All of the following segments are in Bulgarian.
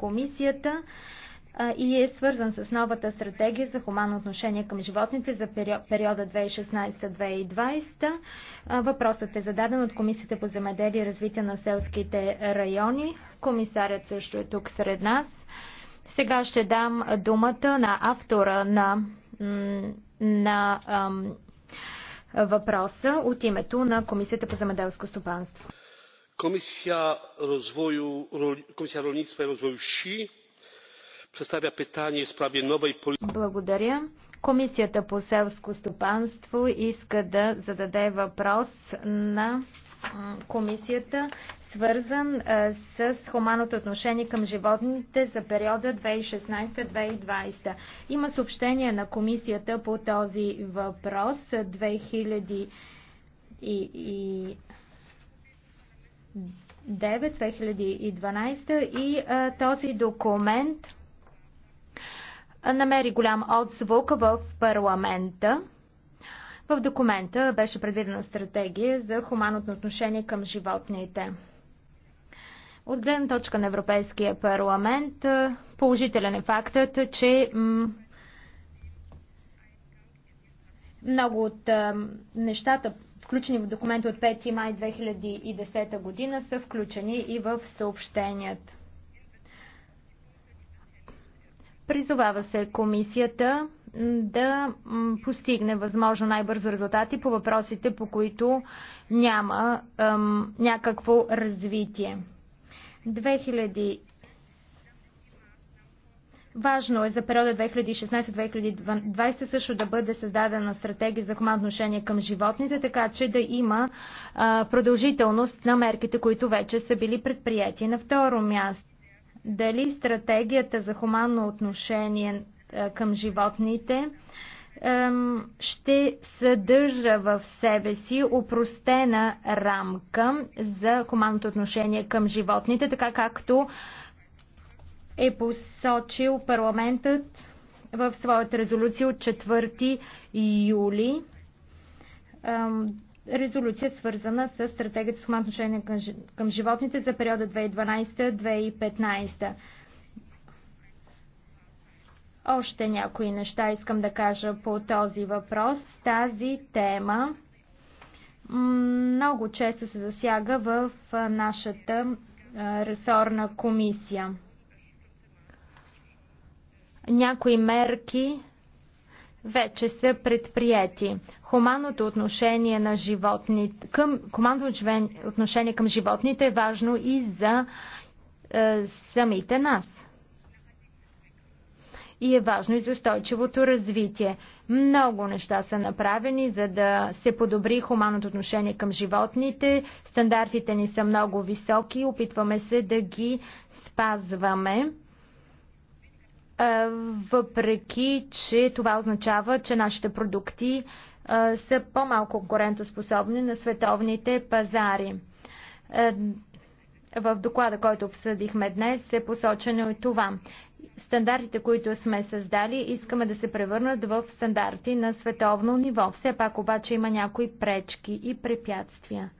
комисията и е свързан с новата стратегия за хуманно отношение към животните за периода 2016-2020. Въпросът е зададен от Комисията по земеделие и развитие на селските райони. Комисарят също е тук сред нас. Сега ще дам думата на автора на, на ам, въпроса от името на Комисията по земеделско стопанство komisja rolnictwa i rozwoju wsi przedstawia pytanie w sprawie nowej polityki. Благодаря. Комисията по селско стопанство иска да зададе въпрос на комисията, свързан е, с хуманното отношение към животните за периода 2016-2020. Има съобщение на комисията по този въпрос 2000 и, и 2012 и а, този документ намери голям отзвук в парламента. В документа беше предвидена стратегия за хуманното отношение към животните. От гледна точка на Европейския парламент положителен е фактът, че много от нещата, включени в документи от 5 май 2010 година, са включени и в съобщенията. Призовава се комисията да постигне възможно най-бързо резултати по въпросите, по които няма ем, някакво развитие. Важно е за периода 2016-2020 също да бъде създадена стратегия за хуманно отношение към животните, така че да има а, продължителност на мерките, които вече са били предприяти. На второ място, дали стратегията за хуманно отношение а, към животните а, ще съдържа в себе си упростена рамка за хуманното отношение към животните, така както е посочил парламентът в своята резолюция от 4 юли. Резолюция свързана с стратегията с хуманно отношение към животните за периода 2012-2015. Още някои неща искам да кажа по този въпрос. Тази тема много често се засяга в нашата ресорна комисия. Някои мерки вече са предприяти. Хуманното отношение на животните, към, хуманното отношение към животните е важно и за е, самите нас. И е важно и за устойчивото развитие. Много неща са направени, за да се подобри хуманното отношение към животните. Стандартите ни са много високи, опитваме се да ги спазваме въпреки че това означава, че нашите продукти са по-малко конкурентоспособни на световните пазари. В доклада, който обсъдихме днес, е посочено и това. Стандартите, които сме създали, искаме да се превърнат в стандарти на световно ниво. Все пак обаче има някои пречки и препятствия.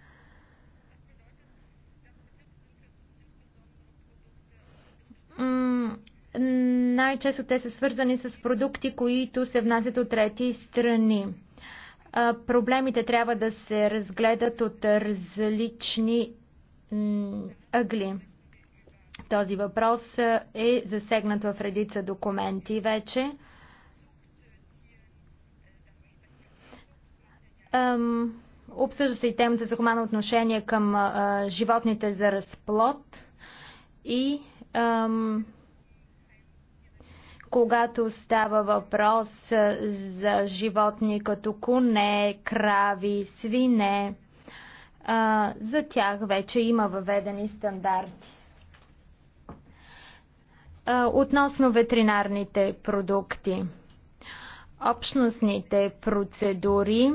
Най-често те са свързани с продукти, които се внасят от трети страни. Проблемите трябва да се разгледат от различни ъгли. Този въпрос е засегнат в редица документи вече. Обсъжда се и темата за хумано отношение към животните за разплод и когато става въпрос за животни като коне, крави, свине. За тях вече има въведени стандарти. Относно ветеринарните продукти, общностните процедури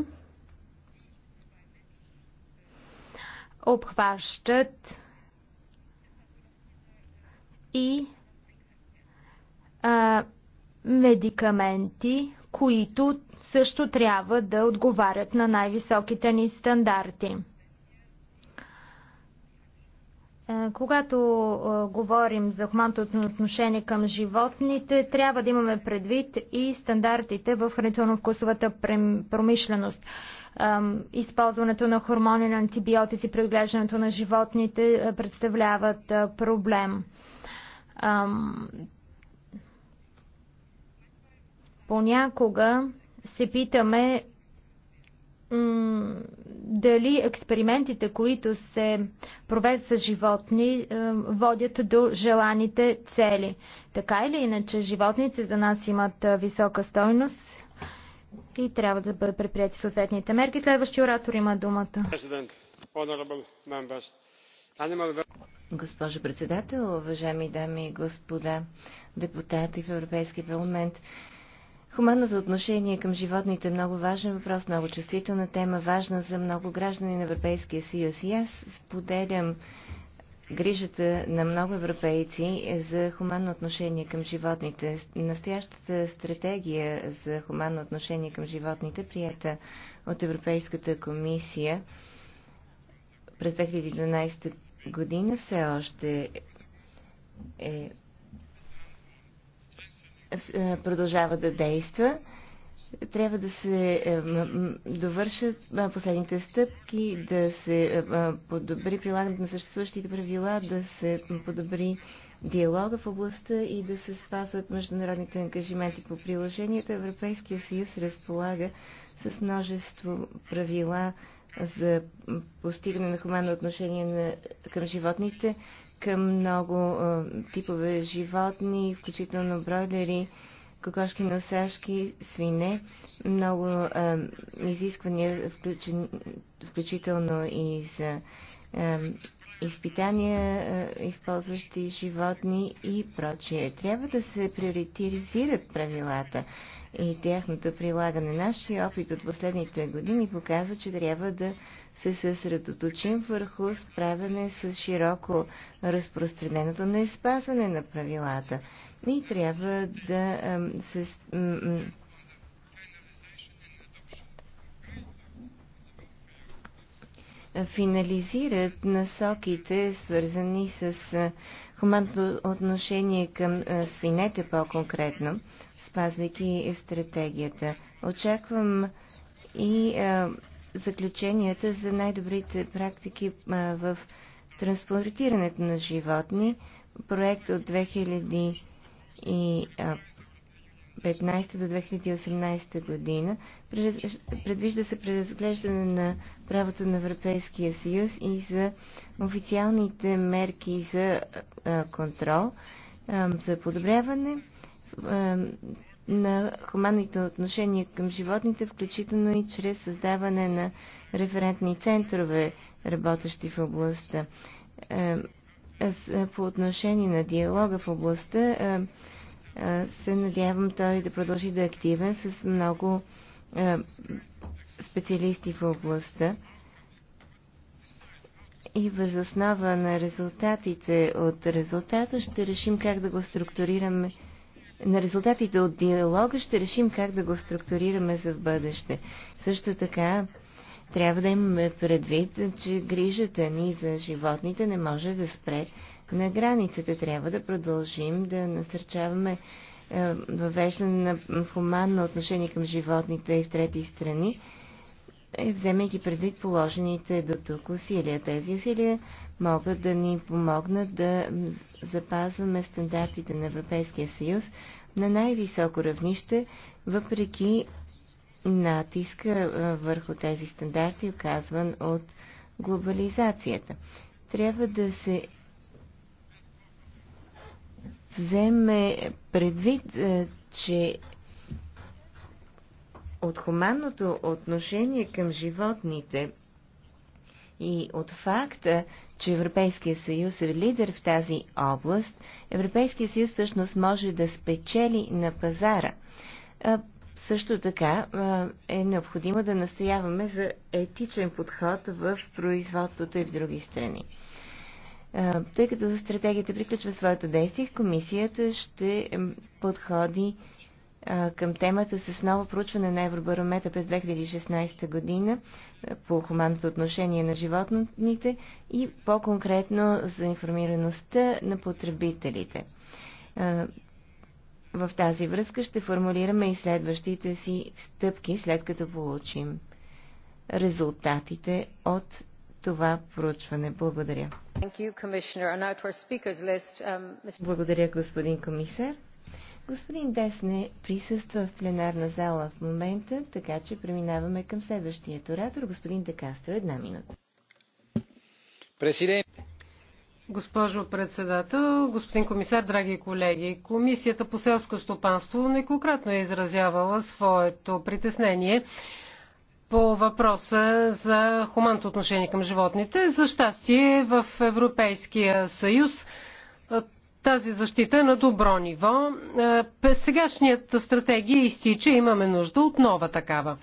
обхващат медикаменти, които също трябва да отговарят на най-високите ни стандарти. Е, когато е, говорим за хуманното отношение към животните, трябва да имаме предвид и стандартите в хранително-вкусовата промишленост. Използването на хормони на антибиотици при отглеждането на животните е, представляват проблем Понякога се питаме дали експериментите, които се провеждат с животни, е, водят до желаните цели. Така или иначе, животните за нас имат е, висока стойност и трябва да бъдат предприяти съответните мерки. Следващия оратор има думата. Госпожо председател, уважаеми дами и господа депутати в Европейския парламент, за отношение към животните е много важен въпрос, много чувствителна тема, важна за много граждани на Европейския съюз. И аз споделям грижата на много европейци за хуманно отношение към животните. Настоящата стратегия за хуманно отношение към животните, прията от Европейската комисия през 2012 година, все още е е, продължава да действа. Трябва да се е, довършат последните стъпки, да се е, подобри прилагането на съществуващите правила, да се подобри диалога в областта и да се спазват международните ангажименти по приложенията. Европейския съюз разполага с множество правила за постигане на хуманно отношение на, към животните, към много а, типове животни, включително бройлери, кокошки носашки, свине, много а, изисквания, включен, включително и за а, изпитания, е, използващи животни и прочие. Трябва да се приоритизират правилата и тяхното прилагане. Нашия опит от последните години показва, че трябва да се съсредоточим върху справяне с широко разпространеното неспазване на правилата. И трябва да се финализират насоките, свързани с хуманното отношение към свинете по-конкретно, спазвайки стратегията. Очаквам и заключенията за най-добрите практики в транспортирането на животни, проект от 2000 и 2015 до 2018 година. Предвижда се преразглеждане на правото на Европейския съюз и за официалните мерки за контрол, за подобряване на хуманните отношения към животните, включително и чрез създаване на референтни центрове, работещи в областта. Е, по отношение на диалога в областта, е, се надявам той да продължи да е активен с много специалисти в областта и възоснова на резултатите от резултата ще решим как да го структурираме. На резултатите от диалога ще решим как да го структурираме за в бъдеще. Също така трябва да имаме предвид, че грижата ни за животните не може да спре на границата. Трябва да продължим да насърчаваме е, въвеждане на хуманно отношение към животните и в трети страни, е, вземайки предвид положените до тук усилия. Тези усилия могат да ни помогнат да запазваме стандартите на Европейския съюз на най-високо равнище, въпреки натиска е, върху тези стандарти, оказван от глобализацията. Трябва да се вземе предвид, е, че от хуманното отношение към животните и от факта, че Европейския съюз е лидер в тази област, Европейския съюз всъщност може да спечели на пазара. Е, също така е, е необходимо да настояваме за етичен подход в производството и в други страни. Е, тъй като стратегията приключва своето действие, комисията ще подходи е, към темата с ново проучване на Евробарометър през 2016 година е, по хуманното отношение на животните и по-конкретно за информираността на потребителите. В тази връзка ще формулираме и следващите си стъпки, след като получим резултатите от това проучване. Благодаря. Um, Благодаря, господин комисар. Господин Дес не присъства в пленарна зала в момента, така че преминаваме към следващия оратор, господин Декастро. Една минута. Президент. Госпожо председател, господин комисар, драги колеги, Комисията по селско стопанство неколкратно е изразявала своето притеснение по въпроса за хуманното отношение към животните. За щастие в Европейския съюз тази защита е на добро ниво. Сегашният стратегия изтича, имаме нужда от нова такава.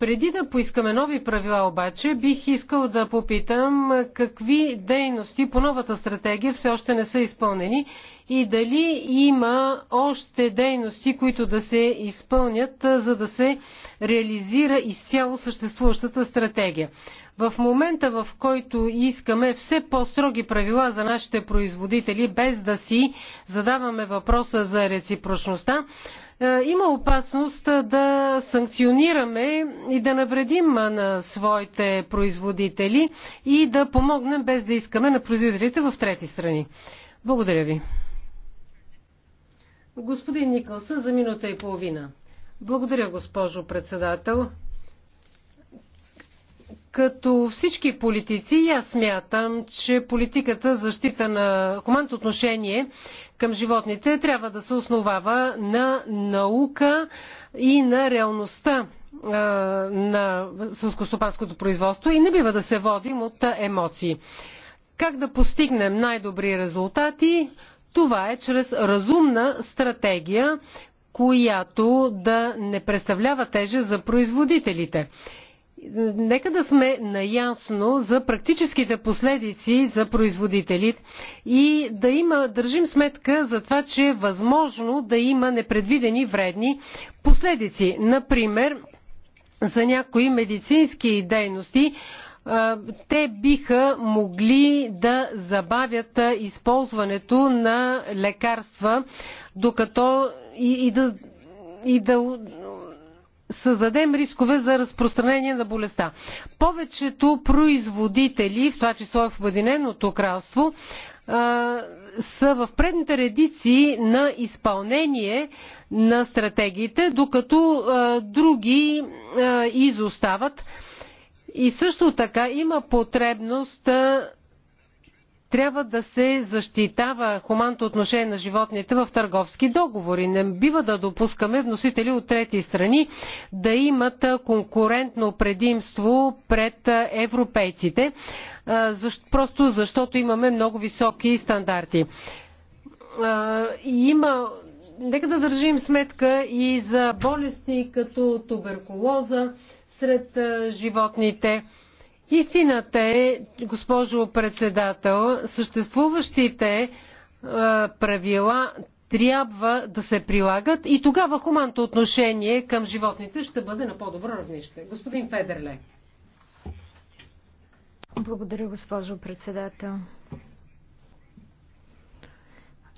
Преди да поискаме нови правила обаче, бих искал да попитам какви дейности по новата стратегия все още не са изпълнени и дали има още дейности, които да се изпълнят, за да се реализира изцяло съществуващата стратегия. В момента, в който искаме все по-строги правила за нашите производители, без да си задаваме въпроса за реципрочността, е, има опасност е, да санкционираме и да навредим е, на своите производители и да помогнем без да искаме на производителите в трети страни. Благодаря ви. Господин Никълсън за минута и половина. Благодаря, госпожо председател. Като всички политици, аз смятам, че политиката защита на хуманното отношение към животните трябва да се основава на наука и на реалността на сълскостопанското производство и не бива да се водим от емоции. Как да постигнем най-добри резултати? Това е чрез разумна стратегия, която да не представлява тежест за производителите. Нека да сме наясно за практическите последици за производителите и да има, държим сметка за това, че е възможно да има непредвидени вредни последици. Например, за някои медицински дейности те биха могли да забавят използването на лекарства, докато и, и да и да създадем рискове за разпространение на болестта. Повечето производители, в това число в Обединеното кралство, са в предните редици на изпълнение на стратегиите, докато други изостават. И също така има потребност трябва да се защитава хуманното отношение на животните в търговски договори. Не бива да допускаме вносители от трети страни да имат конкурентно предимство пред европейците, просто защото имаме много високи стандарти. Има нека да държим сметка и за болести като туберкулоза сред животните. Истината е, госпожо председател, съществуващите е, правила трябва да се прилагат и тогава хуманто отношение към животните ще бъде на по-добро равнище. Господин Федерле. Благодаря, госпожо председател.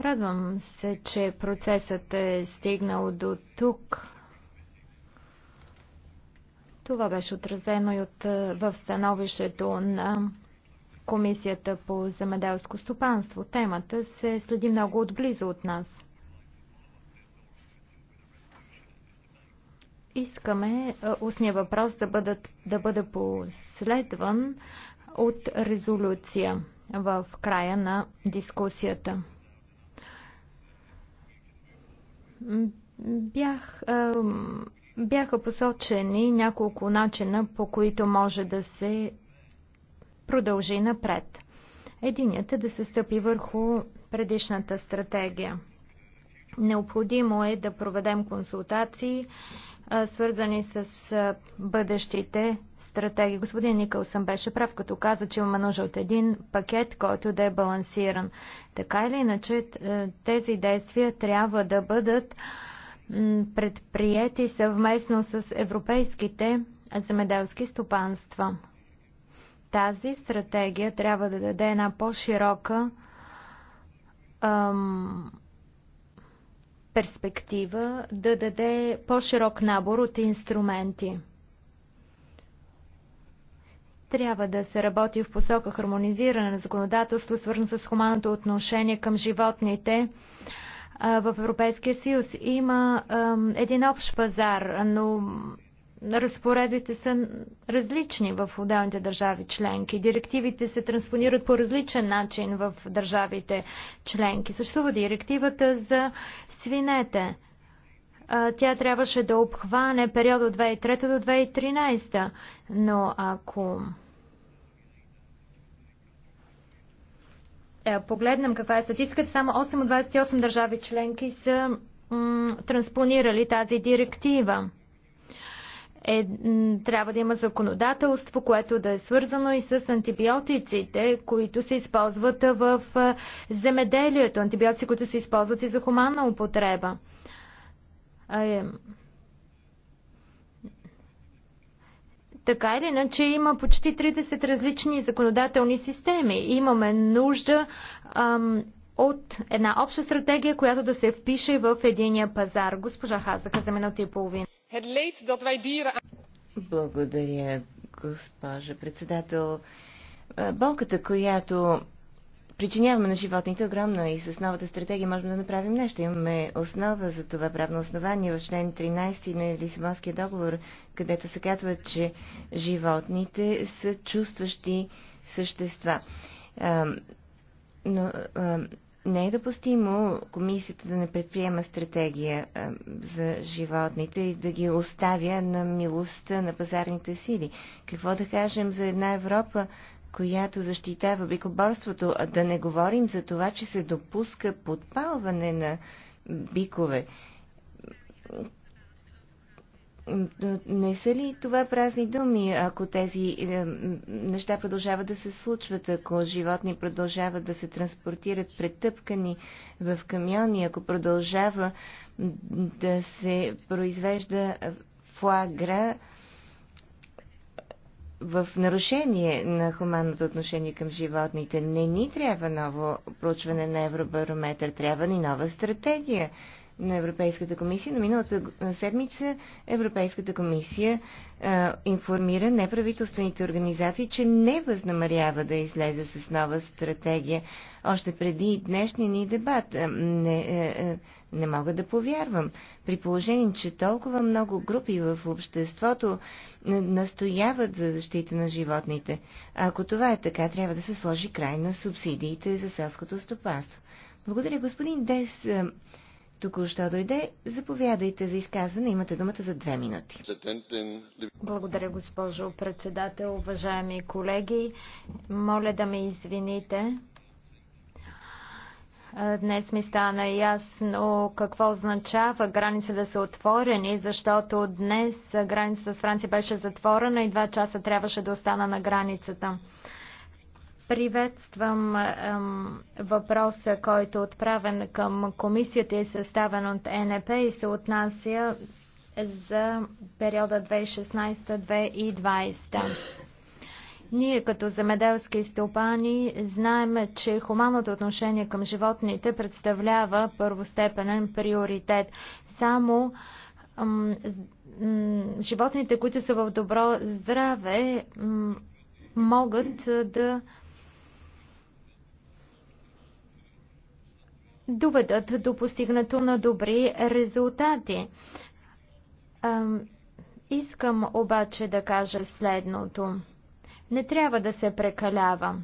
Радвам се, че процесът е стигнал до тук. Това беше отразено и от, е, в становището на Комисията по земеделско стопанство. Темата се следи много отблизо от нас. Искаме е, устния въпрос да, бъдат, да бъде последван от резолюция в края на дискусията. Бях. Е, бяха посочени няколко начина, по които може да се продължи напред. Единият е да се стъпи върху предишната стратегия. Необходимо е да проведем консултации, свързани с бъдещите стратегии. Господин Никълсън беше прав, като каза, че имаме нужда от един пакет, който да е балансиран. Така или иначе, тези действия трябва да бъдат предприяти съвместно с европейските земеделски стопанства. Тази стратегия трябва да даде една по-широка перспектива, да даде по-широк набор от инструменти. Трябва да се работи в посока хармонизиране на законодателство, свързано с хуманното отношение към животните, в Европейския съюз. Има един общ пазар, но разпоредбите са различни в отделните държави членки. Директивите се транспонират по различен начин в държавите членки. Съществува директивата за свинете. Тя трябваше да обхване период от 2003 до 2013, но ако Е, погледнем каква е статистиката, само 8 от 28 държави членки са транспонирали тази директива. Е, трябва да има законодателство, което да е свързано и с антибиотиците, които се използват в е, земеделието, антибиотици, които се използват и за хуманна употреба. Е, Така или иначе има почти 30 различни законодателни системи. Имаме нужда ам, от една обща стратегия, която да се впише в единия пазар. Госпожа Хазака за минута и половина. Благодаря, госпожа председател. Болката, която причиняваме на животните огромно и с новата стратегия можем да направим нещо. Имаме основа за това правно основание в член 13 на Лисабонския договор, където се казва, че животните са чувстващи същества. но не е допустимо комисията да не предприема стратегия за животните и да ги оставя на милостта на пазарните сили. Какво да кажем за една Европа, която защитава бикоборството, а да не говорим за това, че се допуска подпалване на бикове. Не са ли това празни думи, ако тези е, неща продължават да се случват, ако животни продължават да се транспортират претъпкани в камиони, ако продължава да се произвежда флагра, в нарушение на хуманното отношение към животните. Не ни трябва ново проучване на Евробарометър, трябва ни нова стратегия на Европейската комисия, но миналата седмица Европейската комисия а, информира неправителствените организации, че не възнамерява да излезе с нова стратегия още преди днешния ни дебат. Не, е, е, не мога да повярвам. При положение, че толкова много групи в обществото настояват за защита на животните. А ако това е така, трябва да се сложи край на субсидиите за селското стопанство. Благодаря, господин Дес току-що дойде. Заповядайте за изказване. Имате думата за две минути. Благодаря, госпожо председател. Уважаеми колеги, моля да ме извините. Днес ми стана ясно какво означава граница да са отворени, защото днес границата с Франция беше затворена и два часа трябваше да остана на границата. Приветствам ем, въпроса, който е отправен към комисията и съставен от НП и се отнася за периода 2016-2020. Ние като земеделски стопани знаем, че хуманното отношение към животните представлява първостепенен приоритет. Само животните, които са в добро здраве, могат да доведат до постигнато на добри резултати. Искам обаче да кажа следното. Не трябва да се прекалява.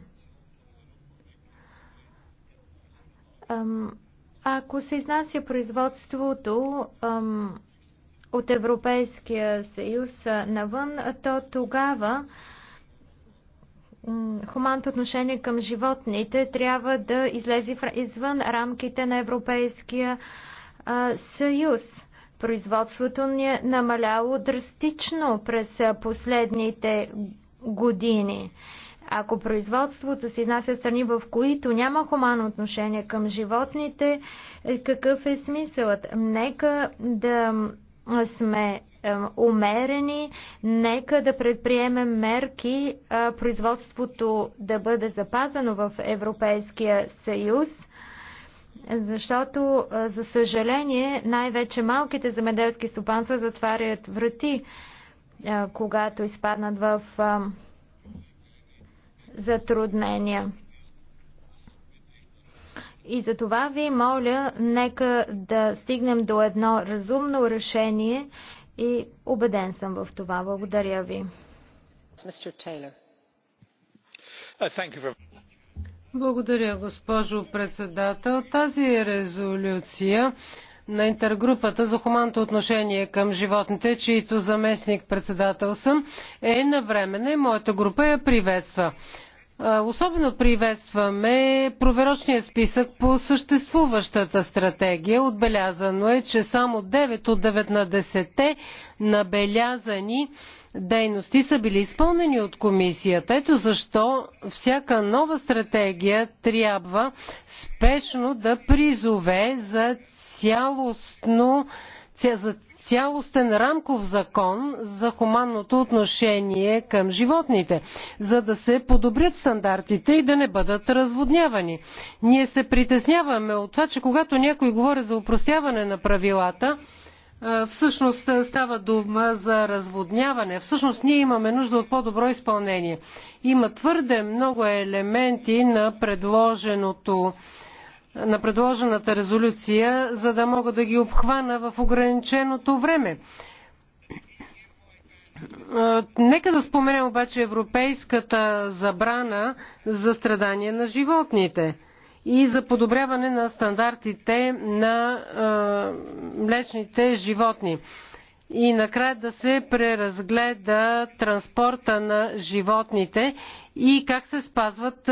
Ако се изнася производството от Европейския съюз навън, то тогава хуманното отношение към животните трябва да излезе извън рамките на Европейския съюз. Производството ни е намаляло драстично през последните години. Ако производството се изнася страни, в които няма хуманно отношение към животните, е, какъв е смисълът? Нека да сме е, умерени. Нека да предприемем мерки е, производството да бъде запазено в Европейския съюз, защото, е, за съжаление, най-вече малките земеделски стопанства затварят врати, когато изпаднат в затруднения. И за това ви моля, нека да стигнем до едно разумно решение и убеден съм в това. Благодаря ви. Uh, Благодаря, госпожо председател. Тази резолюция на интергрупата за хуманното отношение към животните, чието заместник председател съм, е навременна и моята група я приветства. Особено приветстваме проверочния списък по съществуващата стратегия. Отбелязано е, че само 9 от 10 набелязани дейности са били изпълнени от комисията. Ето защо всяка нова стратегия трябва спешно да призове за цялостно за цялостен рамков закон за хуманното отношение към животните, за да се подобрят стандартите и да не бъдат разводнявани. Ние се притесняваме от това, че когато някой говори за упростяване на правилата, всъщност става дума за разводняване. Всъщност ние имаме нужда от по-добро изпълнение. Има твърде много елементи на предложеното на предложената резолюция, за да мога да ги обхвана в ограниченото време. Нека да споменем обаче европейската забрана за страдание на животните и за подобряване на стандартите на е, млечните животни. И накрая да се преразгледа транспорта на животните и как се спазват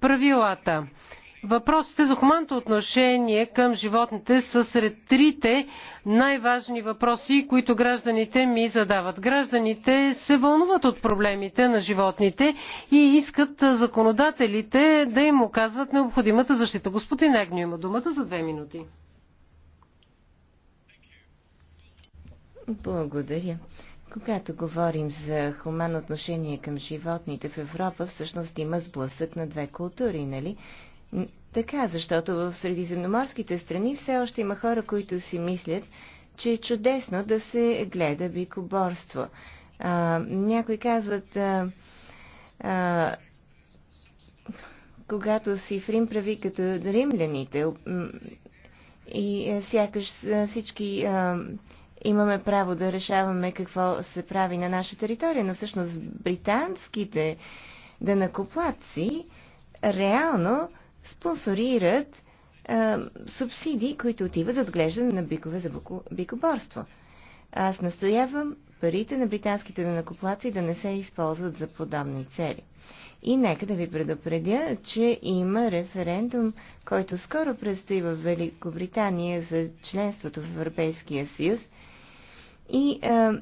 правилата. Въпросите за хуманното отношение към животните са сред трите най-важни въпроси, които гражданите ми задават. Гражданите се вълнуват от проблемите на животните и искат законодателите да им оказват необходимата защита. Господин Агню има думата за две минути. Благодаря. Когато говорим за хуманно отношение към животните в Европа, всъщност има сблъсък на две култури, нали? така, защото в средиземноморските страни все още има хора, които си мислят, че е чудесно да се гледа бикоборство. А, някои казват, а, а, когато си фрим прави като римляните и е, сякаш всички а, имаме право да решаваме какво се прави на наша територия, но всъщност британските данакоплатци реално спонсорират а, субсидии, които отиват за отглеждане на бикове за бикоборство. Аз настоявам парите на британските накоплаци да не се използват за подобни цели. И нека да ви предупредя, че има референдум, който скоро предстои в Великобритания за членството в Европейския съюз. И а,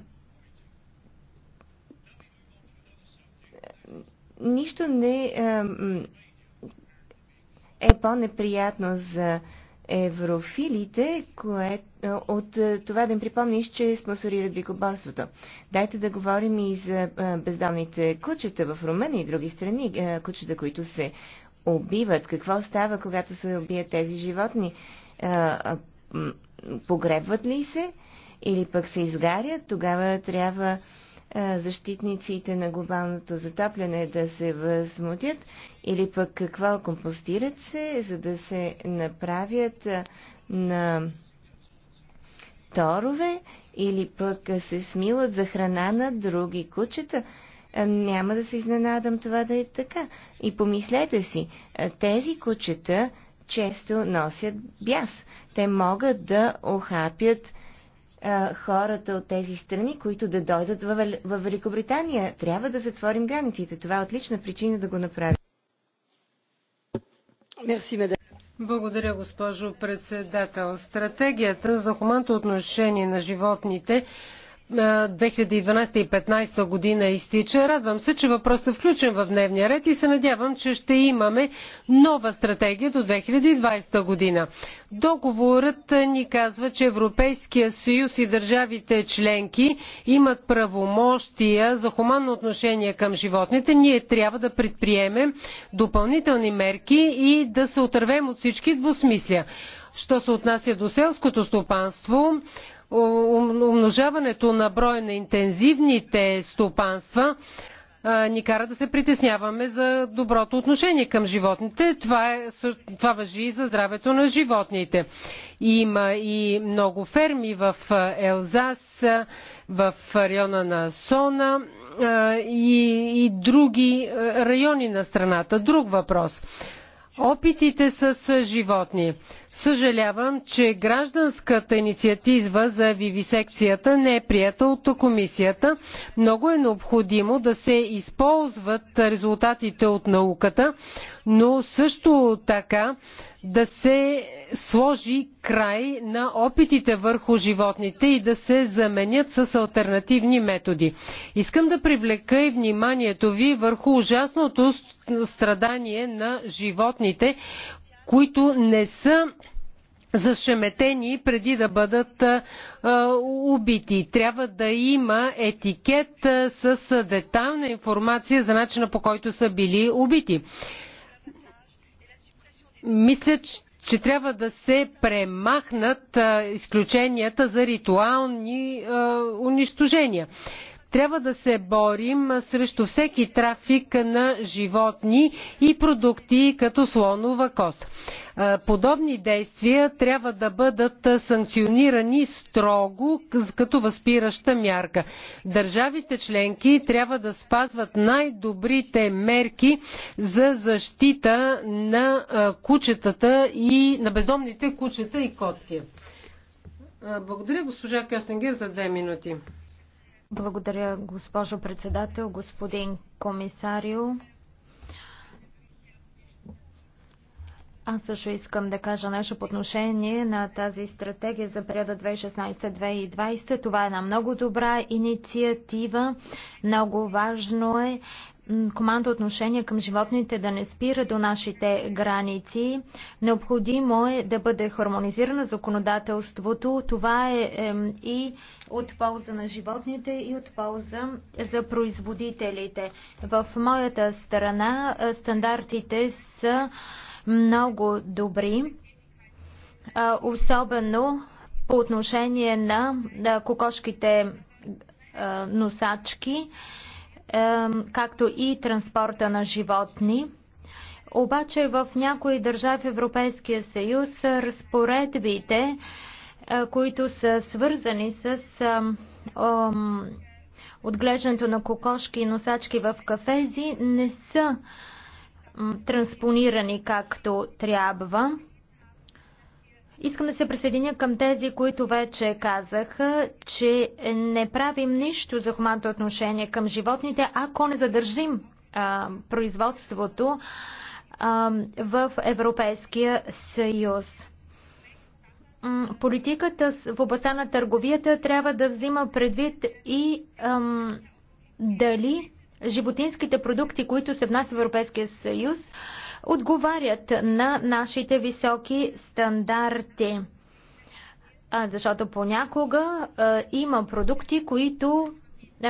нищо не а, е по-неприятно за еврофилите, кое, от това да им припомниш, че спонсорират бикоборството. Дайте да говорим и за бездомните кучета в Румъния и други страни, кучета, които се убиват. Какво става, когато се убият тези животни? Погребват ли се или пък се изгарят? Тогава трябва защитниците на глобалното затопляне да се възмутят или пък какво компостират се, за да се направят на торове, или пък се смилат за храна на други кучета. Няма да се изненадам това да е така. И помислете си, тези кучета често носят бяс. Те могат да охапят хората от тези страни, които да дойдат в Великобритания. Трябва да затворим границите. Това е отлична причина да го направим. Благодаря, госпожо председател. Стратегията за хуманното отношение на животните 2012 и 2015 година изтича. Радвам се, че въпросът е включен в дневния ред и се надявам, че ще имаме нова стратегия до 2020 година. Договорът ни казва, че Европейския съюз и държавите членки имат правомощия за хуманно отношение към животните. Ние трябва да предприемем допълнителни мерки и да се отървем от всички двусмисля. Що се отнася до селското стопанство, умножаването на броя на интензивните стопанства ни кара да се притесняваме за доброто отношение към животните. Това, е, това въжи и за здравето на животните. Има и много ферми в Елзас, в района на Сона и, и други райони на страната. Друг въпрос опитите с животни. Съжалявам, че гражданската инициатива за вивисекцията не е прията от комисията. Много е необходимо да се използват резултатите от науката, но също така да се сложи край на опитите върху животните и да се заменят с альтернативни методи. Искам да привлека и вниманието ви върху ужасното страдание на животните, които не са зашеметени преди да бъдат а, убити. Трябва да има етикет а, с детална информация за начина по който са били убити. Мисля, че трябва да се премахнат изключенията за ритуални унищожения. Трябва да се борим срещу всеки трафик на животни и продукти като слонова кост. Е, подобни действия трябва да бъдат е, санкционирани строго като възпираща мярка. Държавите членки трябва да спазват най-добрите мерки за защита на е, кучетата и на бездомните кучета и котки. Благодаря госпожа Кьостенгер за две минути. Благодаря госпожо председател, господин комисарио. Аз също искам да кажа нещо по отношение на тази стратегия за периода 2016-2020. Това е една много добра инициатива. Много важно е командо отношение към животните да не спира до нашите граници. Необходимо е да бъде хармонизирано законодателството. Това е, е и от полза на животните, и от полза за производителите. В моята страна е, стандартите са много добри, особено по отношение на кокошките носачки, както и транспорта на животни. Обаче в някои държави в Европейския съюз разпоредбите, които са свързани с отглеждането на кокошки и носачки в кафези, не са транспонирани както трябва. Искам да се присъединя към тези, които вече казаха, че не правим нищо за хуманното отношение към животните, ако не задържим а, производството а, в Европейския съюз. Политиката в областта на търговията трябва да взима предвид и ам, дали животинските продукти, които се внася в Европейския съюз, отговарят на нашите високи стандарти. А, защото понякога а, има продукти, които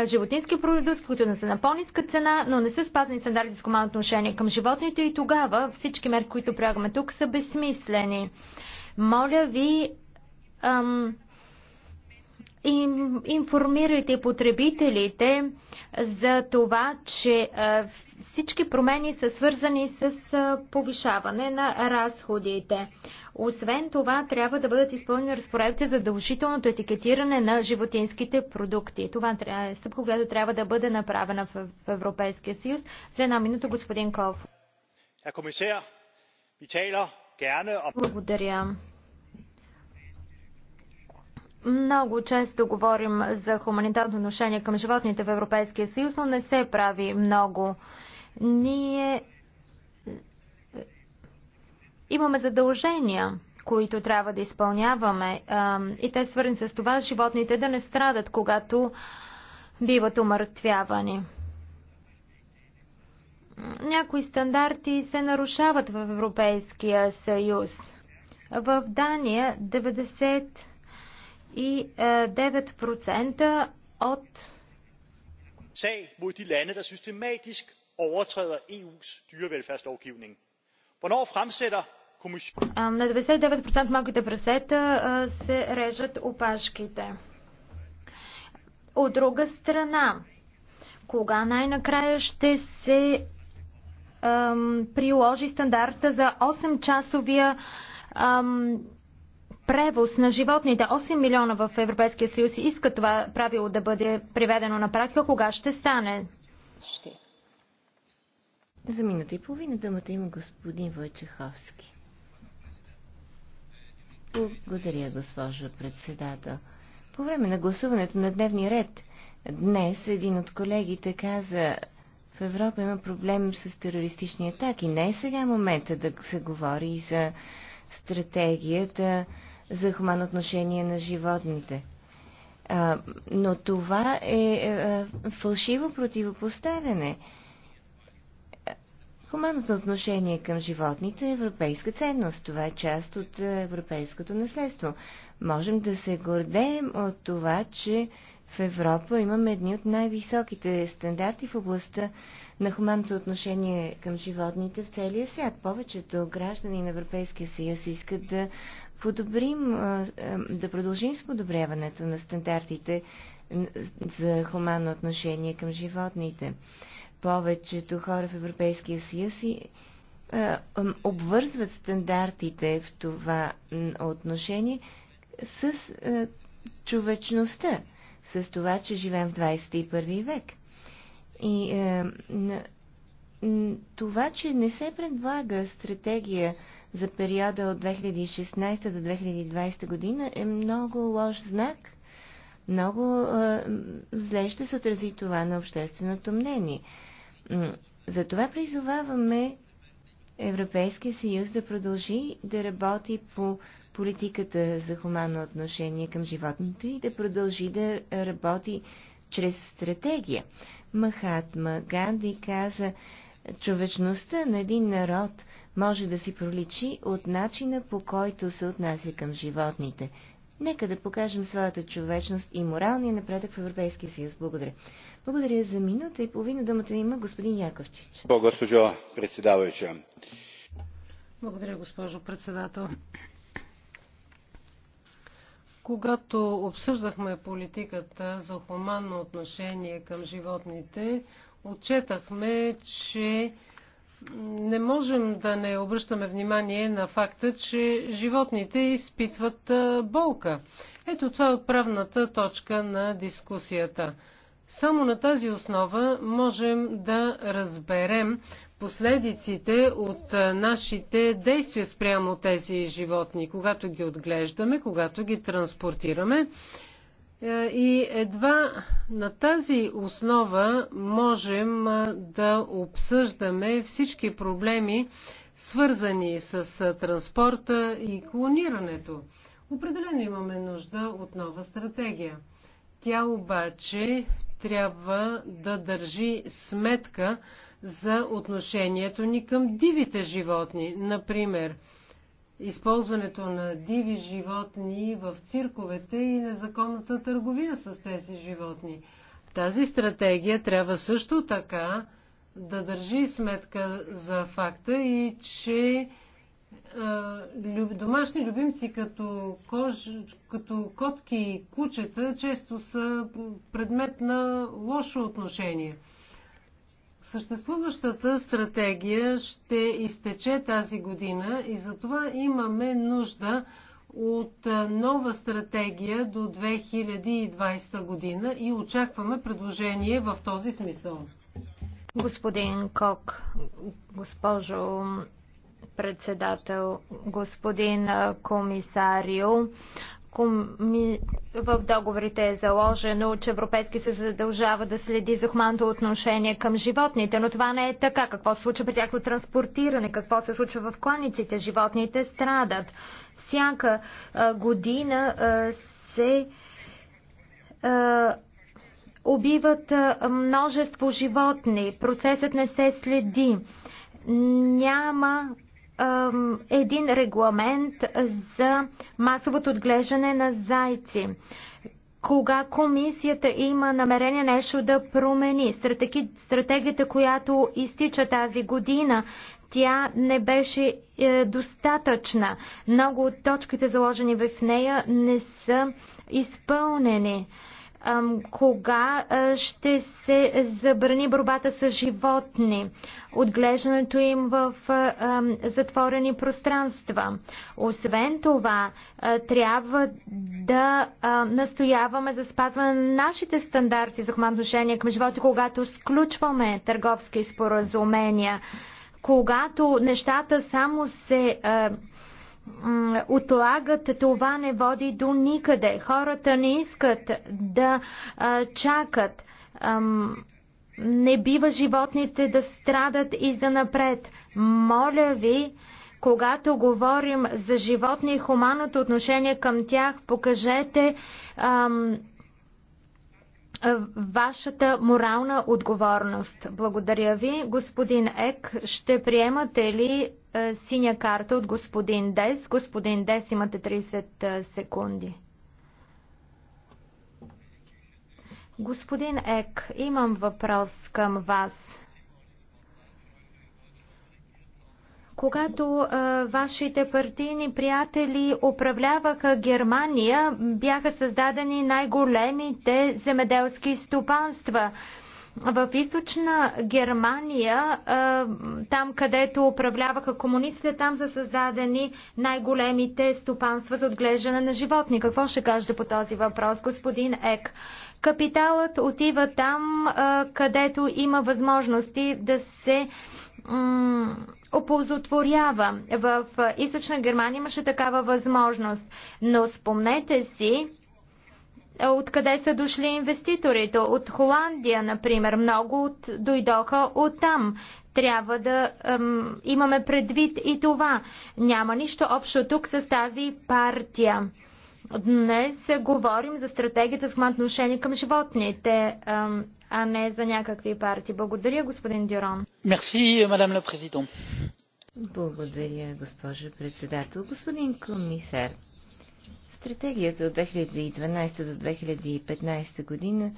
животински продукти, които не са на по-ниска цена, но не са спазени стандарти с хуманно отношение към животните и тогава всички мерки, които прилагаме тук, са безсмислени. Моля ви, ам, им, информирайте потребителите за това, че а, всички промени са свързани с а, повишаване на разходите. Освен това, трябва да бъдат изпълнени разпоредите за дължителното етикетиране на животинските продукти. Това е стъпка, която трябва да бъде направена в, в Европейския съюз. След една минута, господин Ков. Благодаря. Много често говорим за хуманитарно отношение към животните в Европейския съюз, но не се прави много. Ние е, имаме задължения, които трябва да изпълняваме и те свързани с това животните да не страдат, когато биват умъртвявани. Някои стандарти се нарушават в Европейския съюз. В Дания 90 и 9% е, от sag mod de lande, der systematisk overtræder EU's dyrevelfærdslovgivning. Hvornår fremsætter комисията? Е, на 99% малките пресета е, се режат опашките. От друга страна, кога най-накрая ще се ем, приложи стандарта за 8-часовия ем, превоз на животните. 8 милиона в Европейския съюз иска това правило да бъде приведено на практика. Кога ще стане? Ще. За минута и половина думата има господин Войчеховски. Благодаря, госпожо председател. По време на гласуването на дневния ред днес един от колегите каза в Европа има проблем с терористични атаки. Не е сега момента да се говори за стратегията за хуманно отношение на животните. А, но това е а, е, е, фалшиво противопоставяне. Хуманното отношение към животните е европейска ценност. Това е част от е, европейското наследство. Можем да се гордеем от това, че в Европа имаме едни от най-високите стандарти в областта на хуманното отношение към животните в целия свят. Повечето граждани на Европейския съюз искат да подобрим, да продължим с подобряването на стандартите за хуманно отношение към животните. Повечето хора в Европейския съюз и обвързват стандартите в това отношение с човечността, с това, че живеем в 21 век. И това, че не се предлага стратегия за периода от 2016 до 2020 година е много лош знак. Много е, зле ще се отрази това на общественото мнение. Затова призоваваме Европейския съюз да продължи да работи по политиката за хуманно отношение към животните и да продължи да работи чрез стратегия. Махатма Ганди каза, човечността на един народ може да си проличи от начина по който се отнася към животните. Нека да покажем своята човечност и моралния напредък в Европейския съюз. Благодаря. Благодаря за минута и половина. Думата има господин Яковчич. Госпожо председавача. Благодаря, госпожо председател. Когато обсъждахме политиката за хуманно отношение към животните, отчетахме, че не можем да не обръщаме внимание на факта, че животните изпитват болка. Ето това е отправната точка на дискусията. Само на тази основа можем да разберем последиците от нашите действия спрямо тези животни, когато ги отглеждаме, когато ги транспортираме е, и едва на тази основа можем е, да обсъждаме всички проблеми, свързани с е, транспорта и клонирането. Определено имаме нужда от нова стратегия. Тя обаче трябва да държи сметка за отношението ни към дивите животни, например – използването на диви животни в цирковете и незаконната търговия с тези животни. Тази стратегия трябва също така да държи сметка за факта и че домашни любимци като, кож, като котки и кучета често са предмет на лошо отношение. Съществуващата стратегия ще изтече тази година и затова имаме нужда от нова стратегия до 2020 година и очакваме предложение в този смисъл. Господин Кок, госпожо председател, господин комисарио, в договорите е заложено, че Европейски съюз задължава да следи за хуманното отношение към животните, но това не е така. Какво се случва при тяхно транспортиране? Какво се случва в кланиците? Животните страдат. Всяка а, година а, се а, убиват множество животни. Процесът не се следи. Няма един регламент за масовото отглеждане на зайци. Кога комисията има намерение нещо да промени стратегията, която изтича тази година, тя не беше е, достатъчна. Много от точките заложени в нея не са изпълнени кога ще се забрани борбата с животни, отглеждането им в затворени пространства. Освен това, трябва да настояваме за спазване на нашите стандарти за хуманно отношение към животи, когато сключваме търговски споразумения, когато нещата само се отлагат, това не води до никъде. Хората не искат да а, чакат. Ам, не бива животните да страдат и за напред. Моля ви, когато говорим за животни и хуманното отношение към тях, покажете ам, вашата морална отговорност. Благодаря ви. Господин Ек, ще приемате ли е, синя карта от господин Дес. Господин Дес, имате 30 е, секунди. Господин Ек, имам въпрос към вас. Когато а, е, вашите партийни приятели управляваха Германия, бяха създадени най-големите земеделски стопанства. В източна Германия, там където управляваха комунистите, там са създадени най-големите стопанства за отглеждане на животни. Какво ще кажете по този въпрос, господин Ек? Капиталът отива там, където има възможности да се оползотворява. В източна Германия имаше такава възможност. Но спомнете си, Откъде са дошли инвеститорите? От Холандия, например. Много от, дойдоха от там. Трябва да ем, имаме предвид и това. Няма нищо общо тук с тази партия. Днес говорим за стратегията с отношение към животните, ем, а не за някакви партии. Благодаря, господин Дюрон. Мерси, мадам ле президент. Благодаря, госпожа председател. Господин комисар, Стратегията от 2012 до 2015 година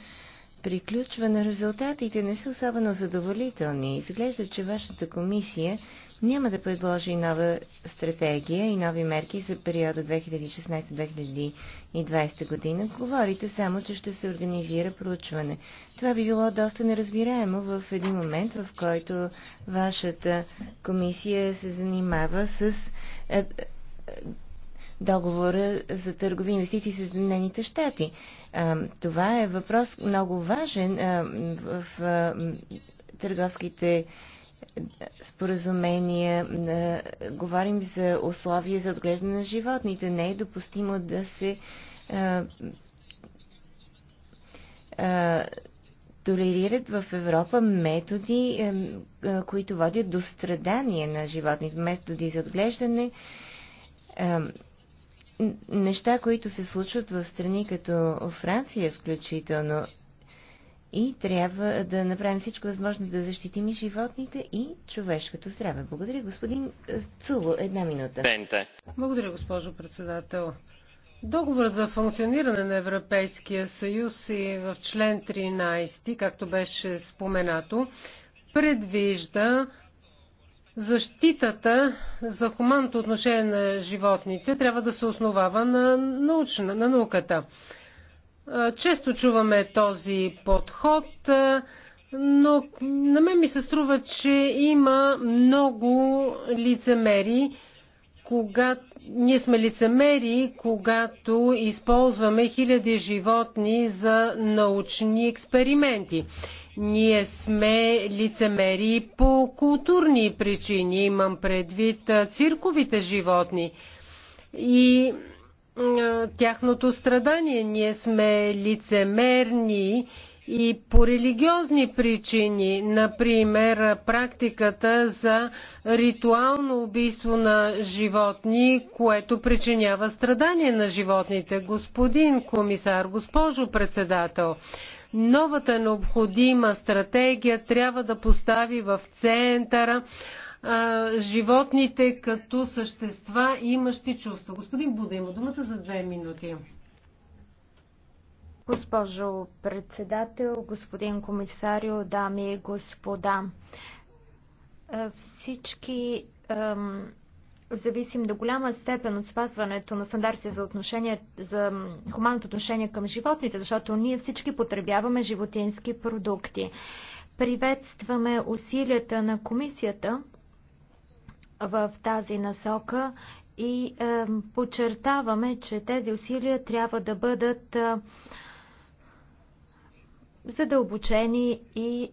приключва, на резултатите не са особено задоволителни. Изглежда, че вашата комисия няма да предложи нова стратегия и нови мерки за периода 2016-2020 година. Говорите само, че ще се организира проучване. Това би било доста неразбираемо в един момент, в който вашата комисия се занимава с е, е, договора за търгови инвестиции с Съединените щати. Това е въпрос много важен в търговските споразумения. Говорим за условия за отглеждане на животните. Не е допустимо да се толерират в Европа методи, които водят до страдания на животните, методи за отглеждане, неща, които се случват в страни като Франция включително. И трябва да направим всичко възможно да защитим и животните, и човешкото здраве. Благодаря, господин е, Цуло. Една минута. Благодаря, госпожо председател. Договорът за функциониране на Европейския съюз и в член 13, както беше споменато, предвижда Защитата за хуманното отношение на животните трябва да се основава на, научна, на науката. Често чуваме този подход, но на мен ми се струва, че има много лицемери, когато ние сме лицемери, когато използваме хиляди животни за научни експерименти. Ние сме лицемери по културни причини, имам предвид цирковите животни и тяхното страдание. Ние сме лицемерни и по религиозни причини, например практиката за ритуално убийство на животни, което причинява страдание на животните. Господин комисар, госпожо председател, Новата необходима стратегия трябва да постави в центъра а, животните като същества, имащи чувства. Господин Буда има думата за две минути. Госпожо председател, господин комисарио, дами и господа, всички зависим до голяма степен от спазването на стандарти за, отношение, за хуманното отношение към животните, защото ние всички потребяваме животински продукти. Приветстваме усилията на комисията в тази насока и е, подчертаваме, че тези усилия трябва да бъдат е, задълбочени и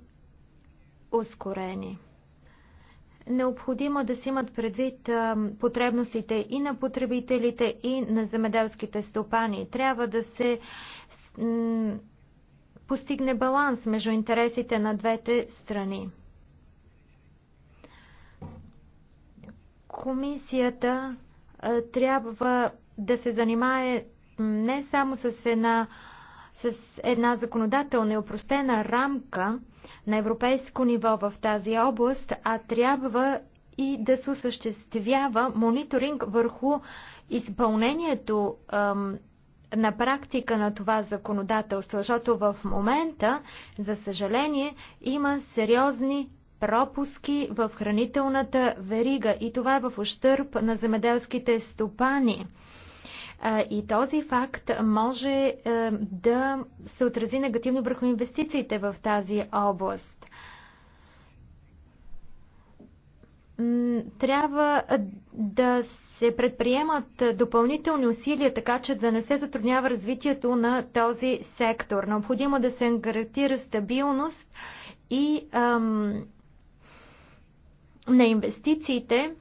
ускорени необходимо да се имат предвид потребностите и на потребителите, и на земеделските стопани. Трябва да се постигне баланс между интересите на двете страни. Комисията трябва да се занимае не само с една с една законодателна и опростена рамка на европейско ниво в тази област, а трябва и да се осъществява мониторинг върху изпълнението ем, на практика на това законодателство, защото в момента, за съжаление, има сериозни пропуски в хранителната верига и това е в ущърп на земеделските стопани. И този факт може е, да се отрази негативно върху инвестициите в тази област. Трябва е, да се предприемат допълнителни усилия, така че да не се затруднява развитието на този сектор. Необходимо да се гарантира стабилност и ам, на инвестициите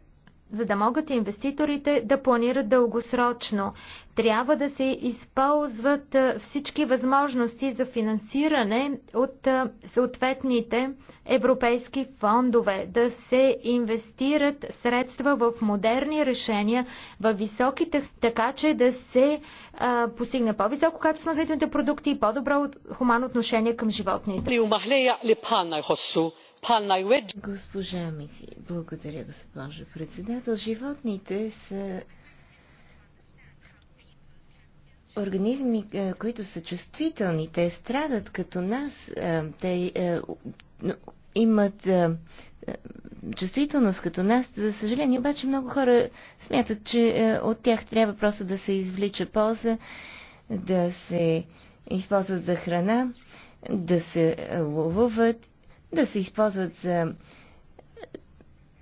за да могат инвеститорите да планират дългосрочно. Трябва да се използват всички възможности за финансиране от съответните европейски фондове, да се инвестират средства в модерни решения, в високите, така че да се а, постигне по-високо качество на хранителните продукти и по-добро хуманно отношение към животните. Госпожа Миси, благодаря, госпожа председател. Животните са организми, е, които са чувствителни. Те страдат като нас. Е, те е, имат чувствителност като нас. За съжаление, обаче много хора смятат, че от тях трябва просто да се извлича полза, да се използват за храна, да се ловуват да се използват за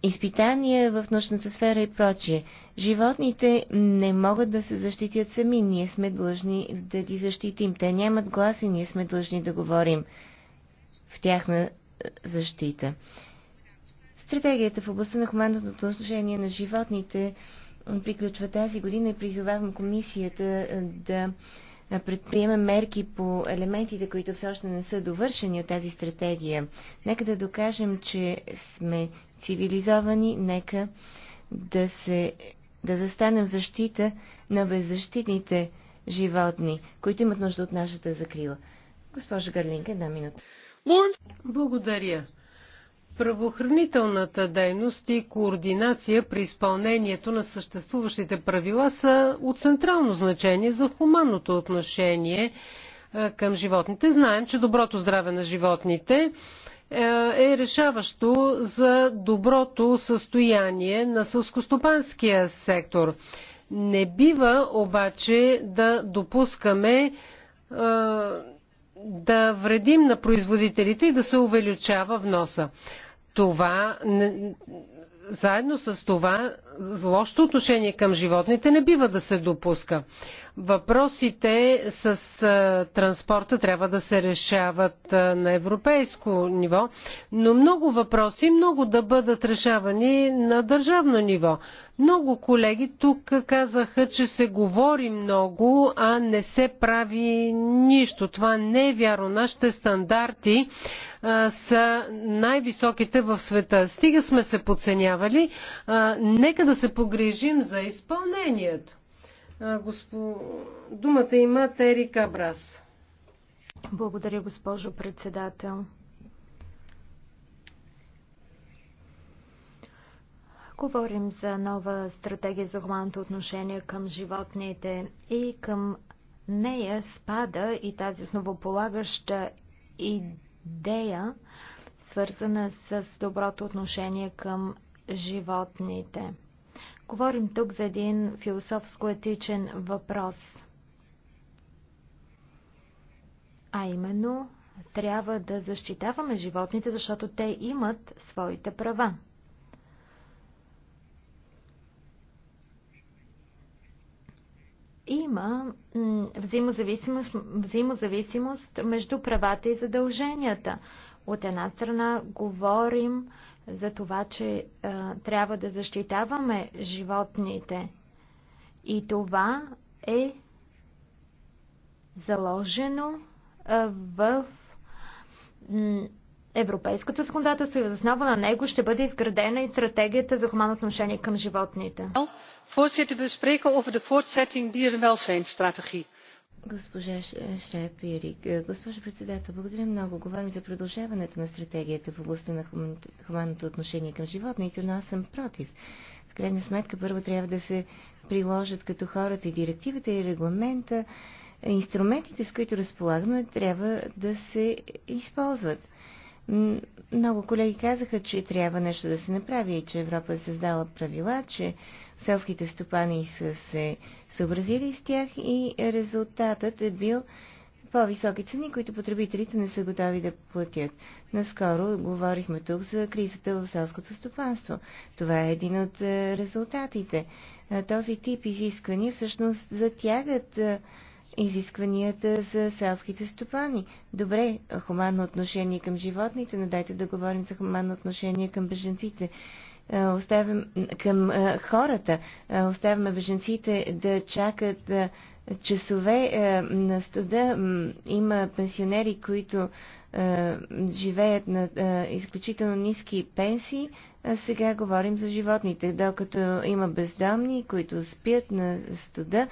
изпитания в научната сфера и прочие. Животните не могат да се защитят сами. Ние сме длъжни да ги защитим. Те нямат глас и ние сме длъжни да говорим в тяхна е, защита. Стратегията в областта на хуманното отношение на животните приключва тази година и призовавам комисията е, да предприемем мерки по елементите, които все още не са довършени от тази стратегия. Нека да докажем, че сме цивилизовани, нека да, се, да застанем в защита на беззащитните животни, които имат нужда от нашата закрила. Госпожа Гарлинка, една минута. Благодаря. Правоохранителната дейност и координация при изпълнението на съществуващите правила са от централно значение за хуманното отношение е, към животните. Знаем, че доброто здраве на животните е, е решаващо за доброто състояние на сълскостопанския сектор. Не бива обаче да допускаме е, да вредим на производителите и да се увеличава вноса това, заедно с това, злощо отношение към животните не бива да се допуска. Въпросите с транспорта трябва да се решават на европейско ниво, но много въпроси много да бъдат решавани на държавно ниво. Много колеги тук казаха, че се говори много, а не се прави нищо. Това не е вярно. Нашите стандарти са най-високите в света. Стига сме се подценявали. Нека да се погрижим за изпълнението. Госпо... Думата има Тери Кабрас. Благодаря, госпожо председател. Говорим за нова стратегия за хуманното отношение към животните и към нея спада и тази основополагаща идея идея, свързана с доброто отношение към животните. Говорим тук за един философско-етичен въпрос. А именно, трябва да защитаваме животните, защото те имат своите права. има взаимозависимост, взаимозависимост между правата и задълженията. От една страна говорим за това, че е, трябва да защитаваме животните. И това е заложено е, в европейското законодателство и в основа на него ще бъде изградена и стратегията за хуманно отношение към животните. Госпожа Шрепирик, госпожа председател, благодаря много. Говорим за продължаването на стратегията в областта на хуманното отношение към животните, но аз съм против. В крайна сметка първо трябва да се приложат като хората и директивата и регламента. Инструментите, с които разполагаме, трябва да се използват. Много колеги казаха, че трябва нещо да се направи, и че Европа е създала правила, че селските стопани са се съобразили с тях и резултатът е бил по-високи цени, които потребителите не са готови да платят. Наскоро говорихме тук за кризата в селското стопанство. Това е един от е, резултатите. Е, този тип изисквания всъщност затягат е, изискванията за селските стопани. Добре, хуманно отношение към животните, но дайте да говорим за хуманно отношение към беженците. Е, оставям към е, хората. Е, оставяме беженците да чакат часове на студа. Има пенсионери, които живеят на изключително ниски пенсии. А сега говорим за животните, докато има бездомни, които спят на студа.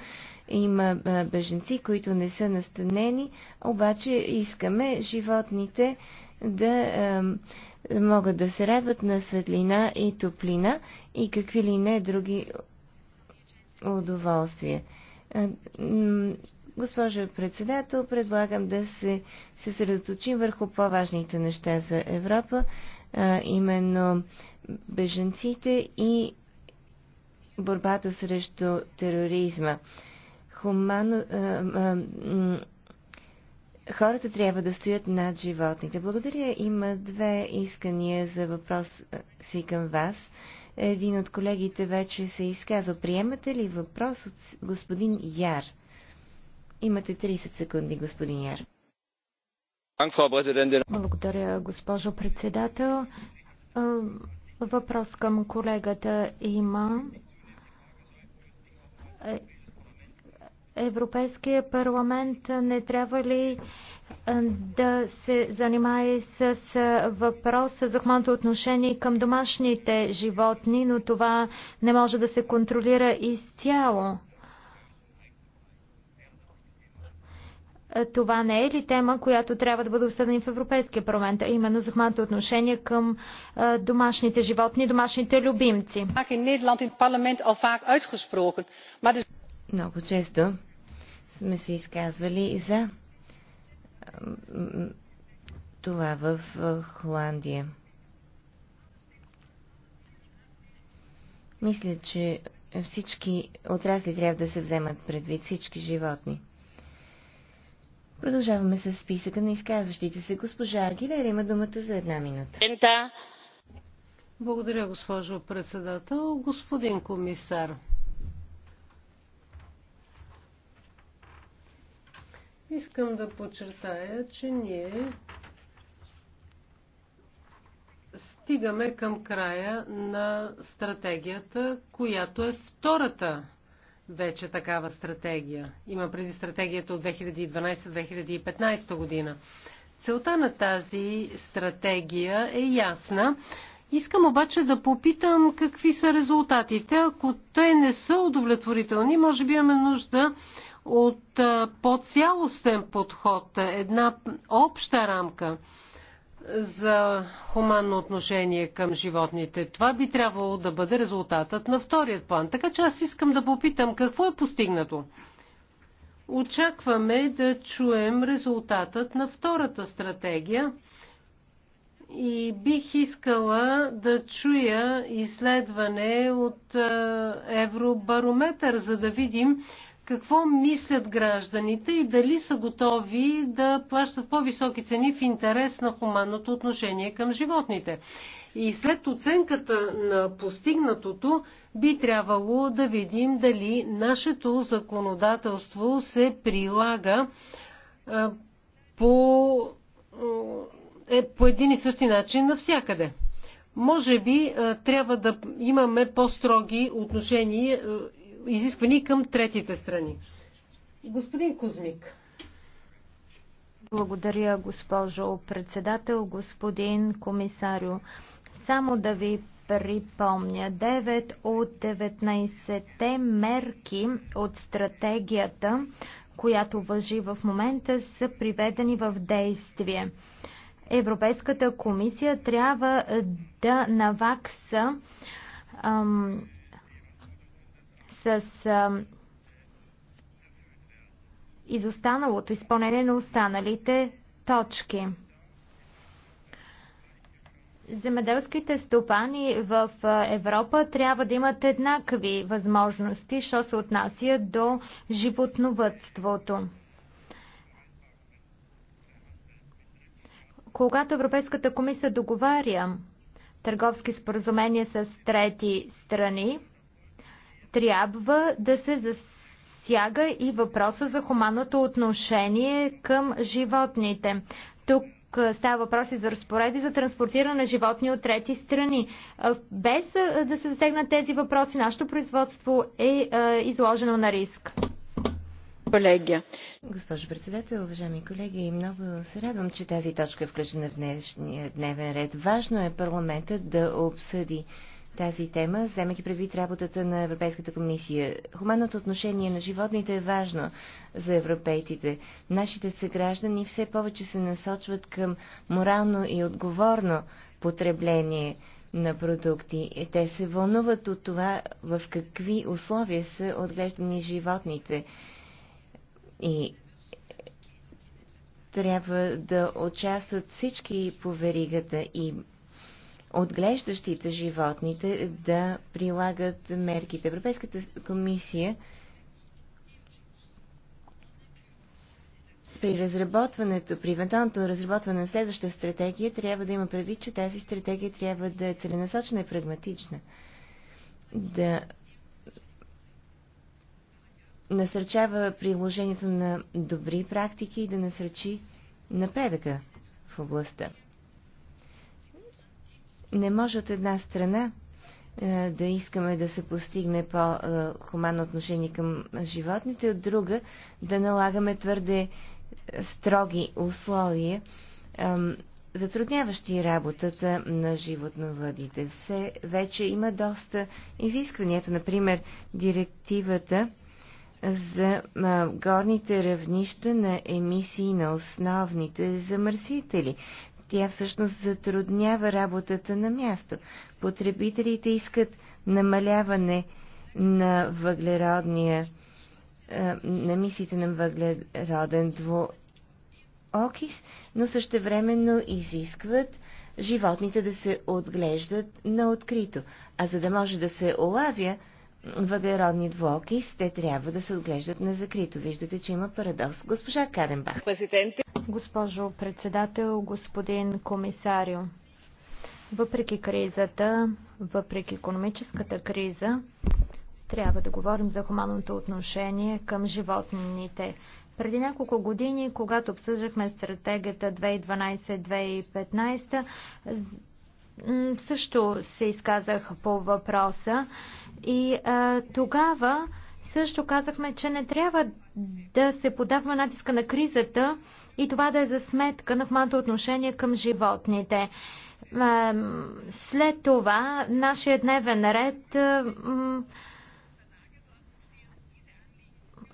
Има беженци, които не са настанени, обаче искаме животните да могат да се радват на светлина и топлина и какви ли не други удоволствия. Госпожа председател, предлагам да се съсредоточим върху по-важните неща за Европа, именно беженците и борбата срещу тероризма хуманно... хората трябва да стоят над животните. Благодаря. Има две искания за въпрос си към вас. Един от колегите вече се е изказа. Приемате ли въпрос от господин Яр? Имате 30 секунди, господин Яр. Благодаря, госпожо председател. Въпрос към колегата има Европейския парламент не трябва ли да се занимае с въпроса за хуманното отношение към домашните животни, но това не може да се контролира изцяло. Това не е ли тема, която трябва да бъде обсъдена в Европейския парламент, а именно за хуманното отношение към домашните животни, домашните любимци? Много често сме се изказвали и за това в Холандия. Мисля, че всички отрасли трябва да се вземат предвид, всички животни. Продължаваме с списъка на изказващите се. Госпожа Агилер има думата за една минута. Благодаря, госпожо председател. Господин комисар, Искам да подчертая, че ние стигаме към края на стратегията, която е втората вече такава стратегия. Има преди стратегията от 2012-2015 година. Целта на тази стратегия е ясна. Искам обаче да попитам какви са резултатите. Ако те не са удовлетворителни, може би имаме нужда от по-цялостен подход, една обща рамка за хуманно отношение към животните. Това би трябвало да бъде резултатът на вторият план. Така че аз искам да попитам какво е постигнато. Очакваме да чуем резултатът на втората стратегия и бих искала да чуя изследване от Евробарометър, за да видим какво мислят гражданите и дали са готови да плащат по-високи цени в интерес на хуманното отношение към животните. И след оценката на постигнатото би трябвало да видим дали нашето законодателство се прилага по, е, по един и същи начин навсякъде. Може би трябва да имаме по-строги отношения изисквани към третите страни. Господин Кузмик. Благодаря, госпожо председател, господин комисарио. Само да ви припомня, 9 от 19-те мерки от стратегията, която въжи в момента, са приведени в действие. Европейската комисия трябва да навакса ам, с изостаналото изпълнение на останалите точки. Земеделските стопани в Европа трябва да имат еднакви възможности, що се отнася до животновътството. Когато Европейската комисия договаря търговски споразумения с трети страни, трябва да се засяга и въпроса за хуманното отношение към животните. Тук става въпрос и за разпореди за транспортиране на животни от трети страни. Без да се засегнат тези въпроси, нашето производство е изложено на риск. Колегия. Госпожо председател, уважаеми колеги, много се радвам, че тази точка е включена в днешния дневен ред. Важно е парламентът да обсъди тази тема, вземайки предвид работата на Европейската комисия. Хуманното отношение на животните е важно за европейците. Нашите съграждани все повече се насочват към морално и отговорно потребление на продукти. Е, те се вълнуват от това в какви условия са отглеждани животните. И трябва да участват всички по веригата и отглеждащите животните да прилагат мерките. Европейската комисия при разработването, при евентуалното разработване на следваща стратегия, трябва да има предвид, че тази стратегия трябва да е целенасочена и прагматична. Да насърчава приложението на добри практики и да насърчи напредъка в областта. Не може от една страна е, да искаме да се постигне по-хуманно отношение към животните, от друга да налагаме твърде строги условия, затрудняващи работата на животновъдите. Все вече има доста изискванията, например директивата за горните равнища на емисии на основните замърсители. Тя всъщност затруднява работата на място. Потребителите искат намаляване на въглеродния е, на мисите на въглероден двуокис, но същевременно изискват животните да се отглеждат на открито. А за да може да се олавя, въглеродни двуокис, те трябва да се отглеждат на закрито. Виждате, че има парадокс. Госпожа Каденбах. Президенте. Госпожо председател, господин комисарио, въпреки кризата, въпреки економическата криза, трябва да говорим за хуманното отношение към животните. Преди няколко години, когато обсъждахме стратегията 2012-2015, също се изказах по въпроса и а, тогава също казахме, че не трябва да се подава натиска на кризата и това да е за сметка на хуманното отношение към животните. А, след това нашия дневен ред а,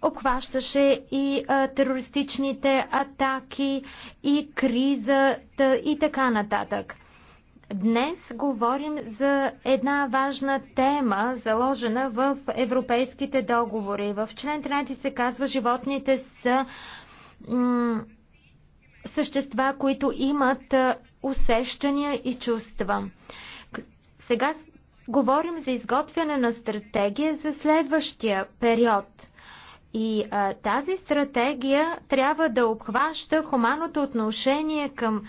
обхващаше и а, терористичните атаки, и кризата и така нататък. Днес говорим за една важна тема, заложена в европейските договори. В член 13 се казва, животните са същества, които имат усещания и чувства. Сега говорим за изготвяне на стратегия за следващия период. И а, тази стратегия трябва да обхваща хуманото отношение към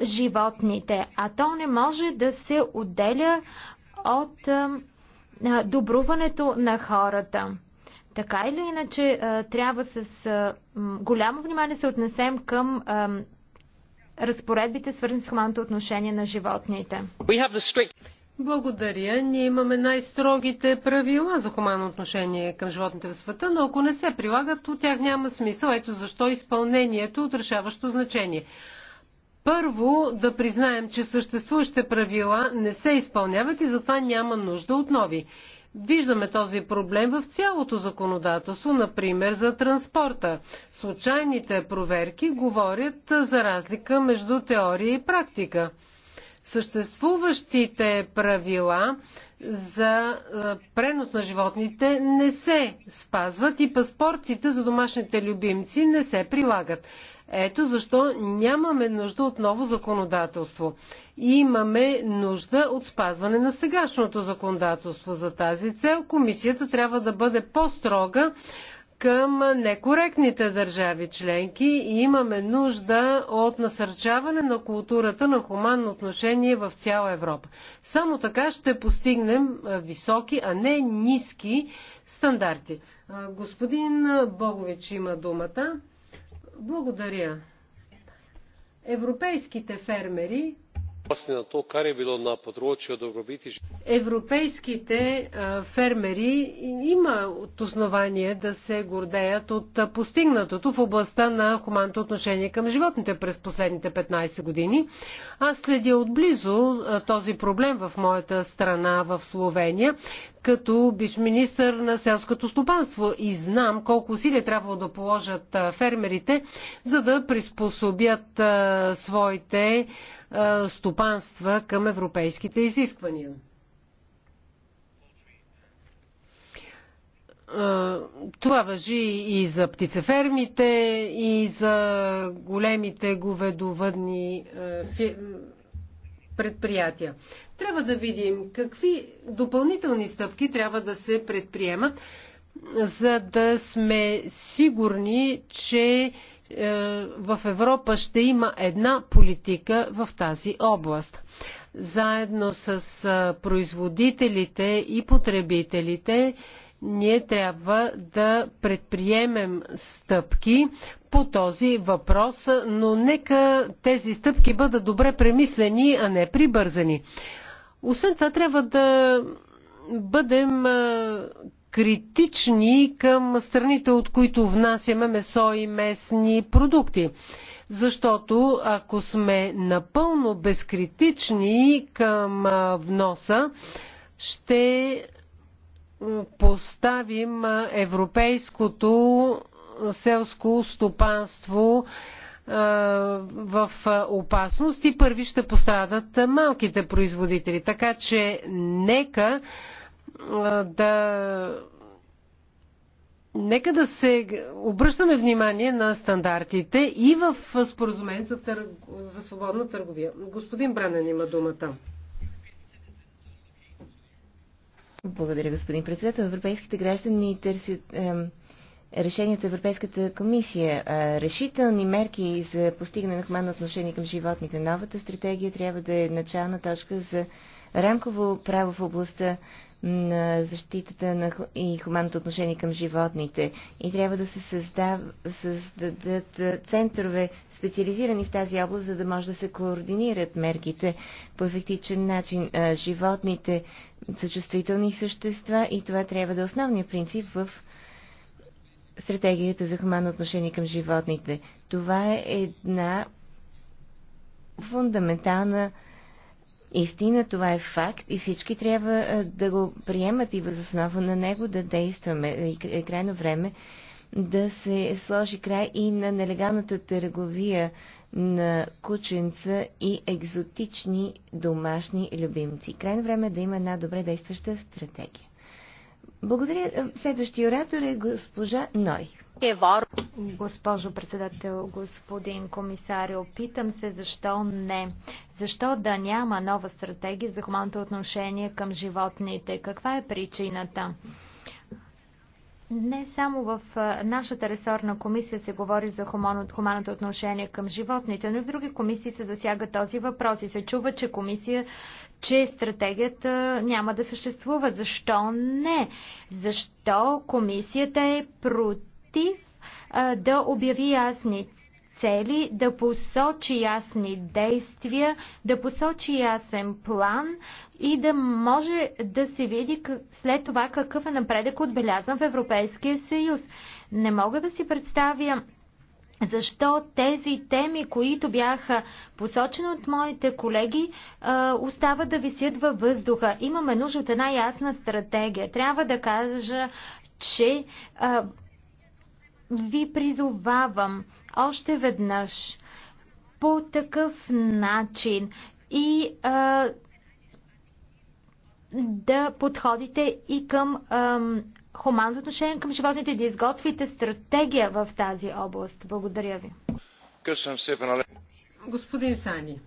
животните, а то не може да се отделя от добруването на хората. Така или иначе, трябва с голямо внимание се отнесем към разпоредбите, свързани с хуманното отношение на животните. Благодаря. Ние имаме най-строгите правила за хуманно отношение към животните в света, но ако не се прилагат, от тях няма смисъл. Ето защо изпълнението е от значение. Първо да признаем, че съществуващите правила не се изпълняват и затова няма нужда от нови. Виждаме този проблем в цялото законодателство, например за транспорта. Случайните проверки говорят за разлика между теория и практика. Съществуващите правила за е, пренос на животните не се спазват и паспортите за домашните любимци не се прилагат. Ето защо нямаме нужда от ново законодателство. Имаме нужда от спазване на сегашното законодателство за тази цел. Комисията трябва да бъде по-строга към некоректните държави членки и имаме нужда от насърчаване на културата на хуманно отношение в цяла Европа. Само така ще постигнем високи, а не ниски стандарти. Господин Богович има думата. Благодаря. Европейските фермери Европейските фермери имат основание да се гордеят от постигнатото в областта на хуманното отношение към животните през последните 15 години. Аз следя отблизо този проблем в моята страна в Словения като биш министър на селското стопанство и знам колко усилия трябва да положат фермерите, за да приспособят своите стопанства към европейските изисквания. Това въжи и за птицефермите, и за големите говедовъдни предприятия. Трябва да видим какви допълнителни стъпки трябва да се предприемат, за да сме сигурни, че е, в Европа ще има една политика в тази област. Заедно с е, производителите и потребителите ние трябва да предприемем стъпки по този въпрос, но нека тези стъпки бъдат добре премислени, а не прибързани. Освен това, трябва да бъдем критични към страните, от които внасяме месо и местни продукти. Защото ако сме напълно безкритични към вноса, ще поставим европейското селско стопанство в опасност и първи ще пострадат малките производители. Така че нека да нека да се обръщаме внимание на стандартите и в споразумение за, търг... за свободна търговия. Господин Бранен има думата. Благодаря, господин председател. Европейските граждани търсят решението Европейската комисия. Решителни мерки за постигане на хуманно отношение към животните. Новата стратегия трябва да е начална точка за рамково право в областта на защитата на и хуманното отношение към животните. И трябва да се създав, създадат центрове, специализирани в тази област, за да може да се координират мерките по ефектичен начин. Животните са чувствителни същества и това трябва да е основния принцип в стратегията за хуманно отношение към животните. Това е една фундаментална истина, това е факт и всички трябва да го приемат и възоснова на него да действаме. И е крайно време да се сложи край и на нелегалната търговия на кученца и екзотични домашни любимци. Крайно време е да има една добре действаща стратегия. Благодаря. Е, следващия оратор е госпожа Ной. Госпожо председател, господин комисар, опитам се защо не. Защо да няма нова стратегия за хуманното отношение към животните? Каква е причината? Не само в нашата ресорна комисия се говори за хуманното отношение към животните, но и в други комисии се засяга този въпрос и се чува, че комисия, че стратегията няма да съществува. Защо не? Защо комисията е против да обяви ясни цели, да посочи ясни действия, да посочи ясен план и да може да се види след това какъв е напредък отбелязан в Европейския съюз. Не мога да си представя защо тези теми, които бяха посочени от моите колеги, остават да висят във въздуха. Имаме нужда от една ясна стратегия. Трябва да кажа, че ви призовавам още веднъж по такъв начин и а, да подходите и към ам, отношение към животните, да изготвите стратегия в тази област. Благодаря ви. Господин Сани.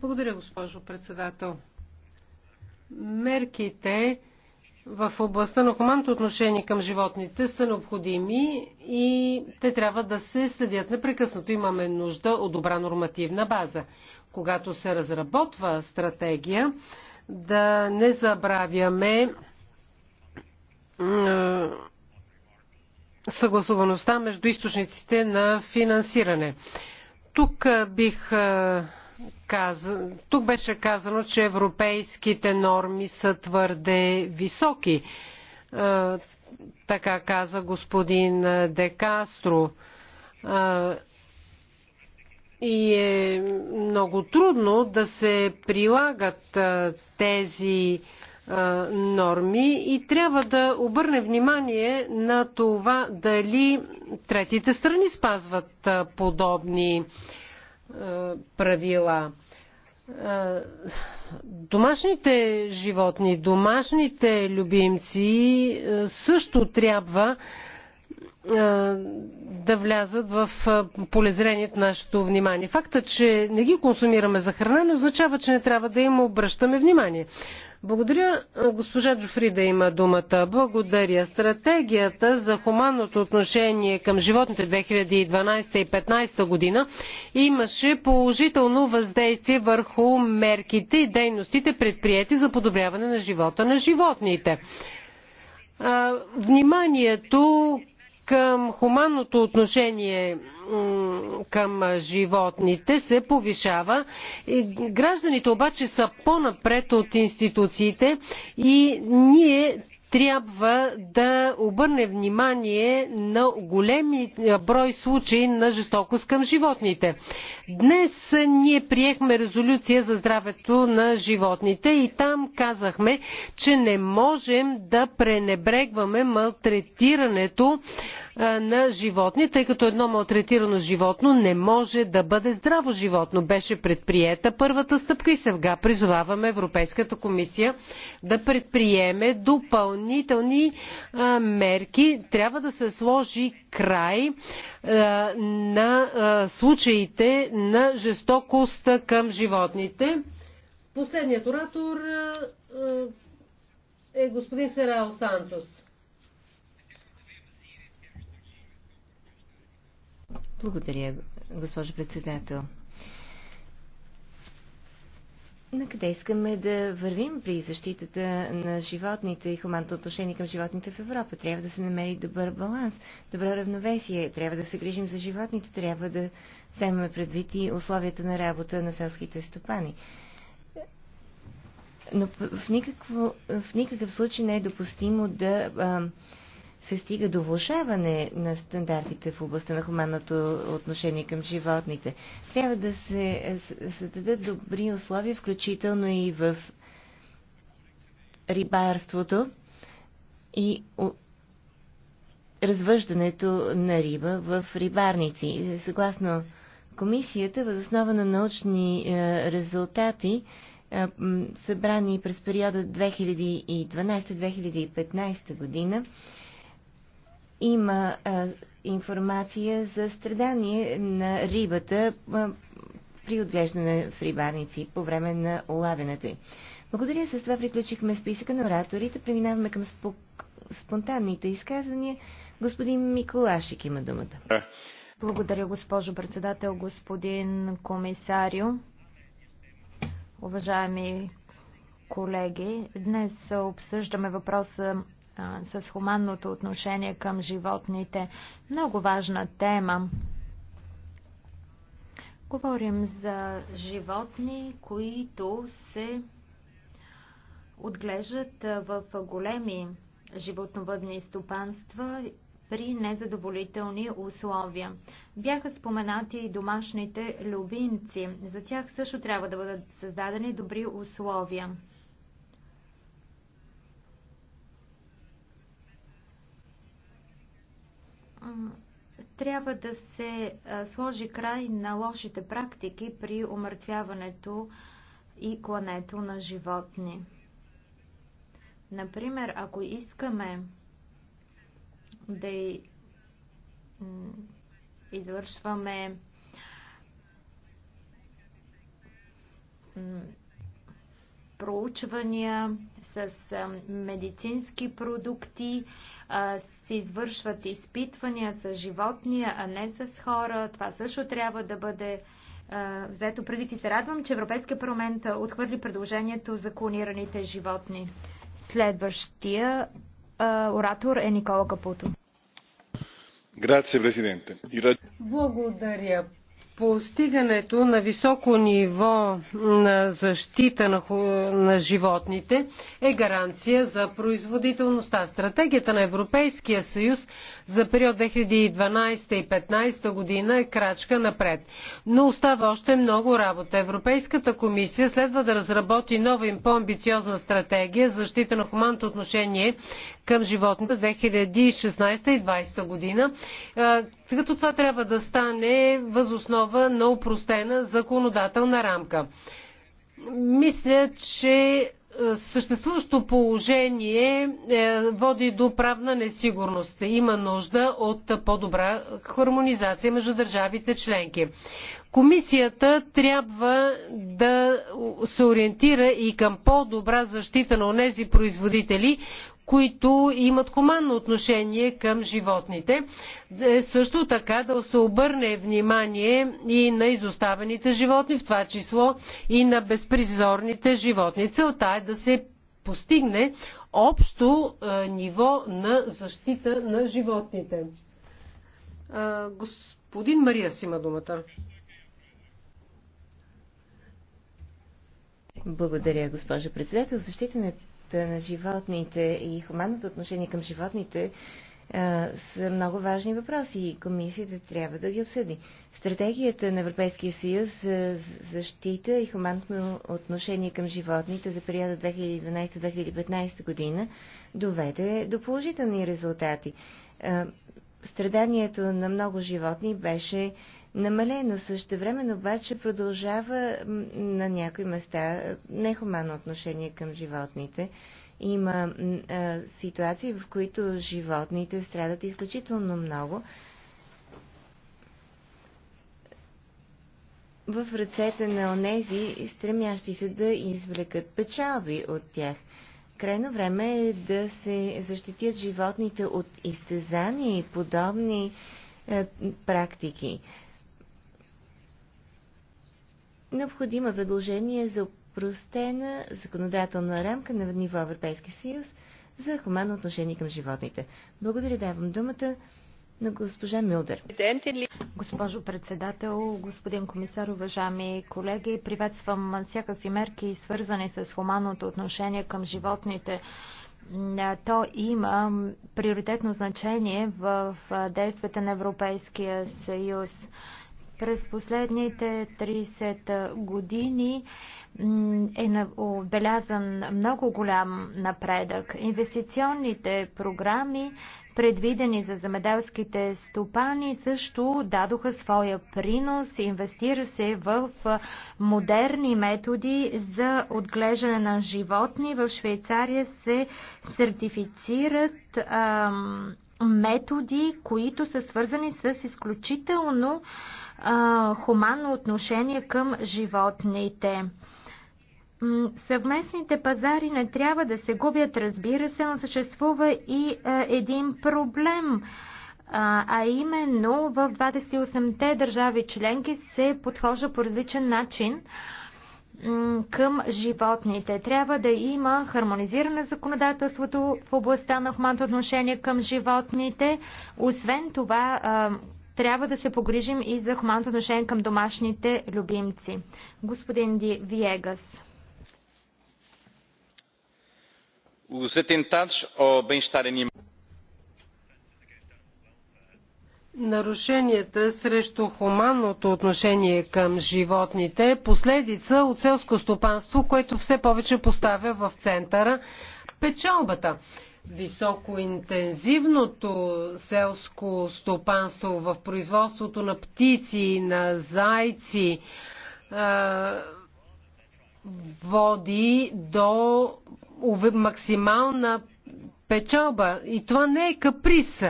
Благодаря, госпожо председател. Мерките в областта на хуманното отношение към животните са необходими и те трябва да се следят непрекъснато. Имаме нужда от добра нормативна база. Когато се разработва стратегия, да не забравяме съгласуваността между източниците на финансиране. Тук бих тук беше казано, че европейските норми са твърде високи. Е, така каза господин Декастро. Е, и е много трудно да се прилагат е, тези норми и трябва да обърне внимание на това дали третите страни спазват подобни норми е, правила. Е, домашните животни, домашните любимци е, също трябва да влязат в полезрението на нашето внимание. Факта, че не ги консумираме за храна, не означава, че не трябва да им обръщаме внимание. Благодаря. Госпожа Джофри да има думата. Благодаря. Стратегията за хуманното отношение към животните 2012 и 2015 година имаше положително въздействие върху мерките и дейностите предприяти за подобряване на живота на животните вниманието към хуманното отношение към животните се повишава. Гражданите обаче са по-напред от институциите и ние трябва да обърне внимание на големи брой случаи на жестокост към животните. Днес ние приехме резолюция за здравето на животните и там казахме, че не можем да пренебрегваме малтретирането на животни, тъй като едно малтретирано животно не може да бъде здраво животно. Беше предприета първата стъпка и сега призоваваме Европейската комисия да предприеме допълнителни мерки. Трябва да се сложи край на случаите на жестокост към животните. Последният оратор е господин Серао Сантос. Благодаря, госпожо председател. На къде искаме да вървим при защитата на животните и хуманното отношение към животните в Европа? Трябва да се намери добър баланс, добро равновесие, трябва да се грижим за животните, трябва да вземем предвид и условията на работа на селските стопани. Но в, никакво, в никакъв случай не е допустимо да а, се стига до влушаване на стандартите в областта на хуманното отношение към животните. Трябва да се създадат добри условия, включително и в рибарството и развъждането на риба в рибарници. Съгласно комисията, възоснова на научни е, резултати, е, събрани през периода 2012-2015 година, има а, информация за страдание на рибата а, при отглеждане в рибарници по време на улавянето й. Благодаря, с това приключихме списъка на ораторите. Преминаваме към спок... спонтанните изказвания. Господин Миколашик има думата. Благодаря, госпожо председател, господин комисарио. Уважаеми колеги, днес обсъждаме въпроса а, с хуманното отношение към животните. Много важна тема. Говорим за животни, които се отглеждат в големи животновъдни стопанства при незадоволителни условия. Бяха споменати и домашните любимци. За тях също трябва да бъдат създадени добри условия. трябва да се сложи край на лошите практики при умъртвяването и клането на животни. Например, ако искаме да извършваме проучвания, с медицински продукти, се извършват изпитвания с животни, а не с хора. Това също трябва да бъде взето предвид и се радвам, че Европейския парламент отхвърли предложението за клонираните животни. Следващия оратор е Никола Капуто. Благодаря. Постигането на високо ниво на защита на, на животните е гаранция за производителността. Стратегията на Европейския съюз за период 2012 и 2015 година е крачка напред. Но остава още много работа. Европейската комисия следва да разработи нова и по-амбициозна стратегия за защита на хуманното отношение към животните 2016 и 2020 година, като това трябва да стане възоснова на упростена законодателна рамка. Мисля, че е, съществуващо положение е, води до правна несигурност. Има нужда от по-добра хармонизация между държавите членки. Комисията трябва да се ориентира и към по-добра защита на онези производители, които имат хуманно отношение към животните. Е, също така да се обърне внимание и на изоставените животни, в това число и на безпризорните животни. Целта е да се постигне общо е, ниво на защита на животните. Е, господин Мария си има думата. Благодаря, госпожа председател. Защита на защита на животните и хуманното отношение към животните а, са много важни въпроси и комисията трябва да ги обсъди. Стратегията на Европейския съюз за защита и хуманно отношение към животните за периода 2012-2015 година доведе до положителни резултати. А, страданието на много животни беше намалено. Също време, обаче продължава на някои места нехуманно отношение към животните. Има а, ситуации, в които животните страдат изключително много в ръцете на онези, стремящи се да извлекат печалби от тях. Крайно време е да се защитят животните от изтезания и подобни е, практики. Необходимо е предложение за простена законодателна рамка на ниво Европейски съюз за хуманно отношение към животните. Благодаря, давам думата на госпожа Милдер. Госпожо председател, господин комисар, уважаеми колеги, приветствам всякакви мерки, свързани с хуманното отношение към животните. То има приоритетно значение в действията на Европейския съюз. През последните 30 години е отбелязан много голям напредък. Инвестиционните програми, предвидени за замеделските стопани, също дадоха своя принос. Инвестира се в модерни методи за отглеждане на животни. В Швейцария се сертифицират ам, методи, които са свързани с изключително а, хуманно отношение към животните. Съвместните пазари не трябва да се губят, разбира се, но съществува и а, един проблем а именно в 28-те държави членки се подхожда по различен начин към животните. Трябва да има хармонизиране законодателството в областта на хуманното отношение към животните. Освен това, трябва да се погрижим и за хуманното отношение към домашните любимци. Господин Ди Виегас. Нарушенията срещу хуманното отношение към животните е последица от селско стопанство, което все повече поставя в центъра печалбата високоинтензивното селско стопанство в производството на птици, на зайци води до максимална печалба. И това не е каприз.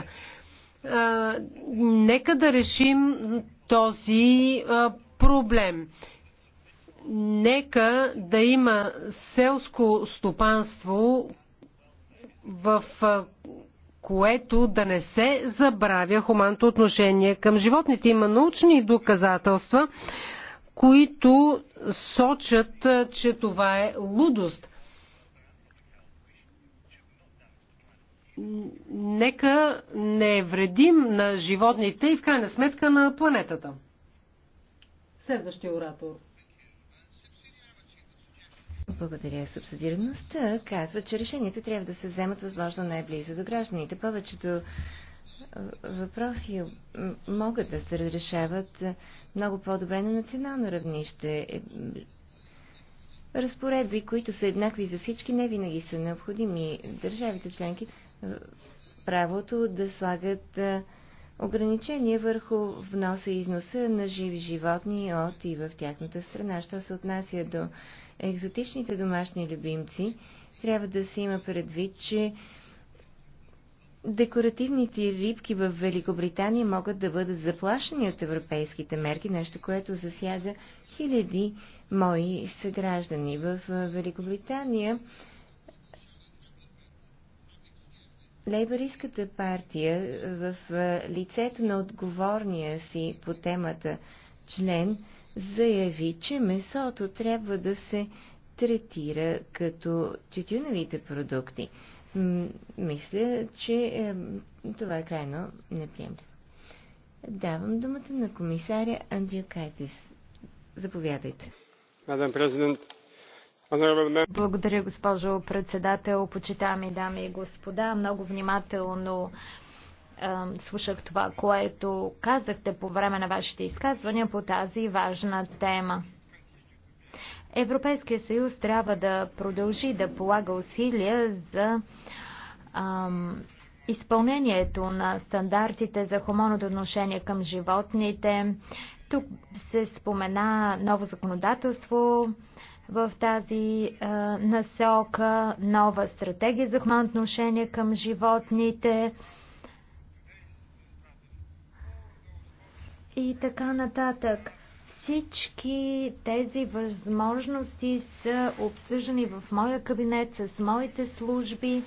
Нека да решим този проблем нека да има селско стопанство, в което да не се забравя хуманното отношение към животните. Има научни доказателства, които сочат, че това е лудост. Нека не вредим на животните и в крайна сметка на планетата. Следващия оратор. Благодаря. Субсидираността казва, че решенията трябва да се вземат възможно най-близо до гражданите. Повечето е, въпроси е, могат да се разрешават е, много по-добре на национално равнище. Разпоредби, които са еднакви за всички, не винаги са необходими. Държавите членки правото да слагат ограничения върху вноса и износа на живи животни от и в тяхната страна. Що се отнася до екзотичните домашни любимци, трябва да се има предвид, че декоративните рибки в Великобритания могат да бъдат заплашени от европейските мерки, нещо, което засяга хиляди мои съграждани. В Великобритания Лейбористската партия в лицето на отговорния си по темата член заяви, че месото трябва да се третира като тютюновите продукти. мисля, че е, това е крайно неприемливо. Давам думата на комисаря Андрю Кайтис. Заповядайте. Мадам президент, благодаря, госпожо председател. Почитаеми дами и господа, много внимателно слушах това, което казахте по време на вашите изказвания по тази важна тема. Европейския съюз трябва да продължи да полага усилия за ам, изпълнението на стандартите за хуманното отношение към животните. Тук се спомена ново законодателство в тази а, насока, нова стратегия за хуманно отношение към животните. и така нататък. Всички тези възможности са обсъждани в моя кабинет с моите служби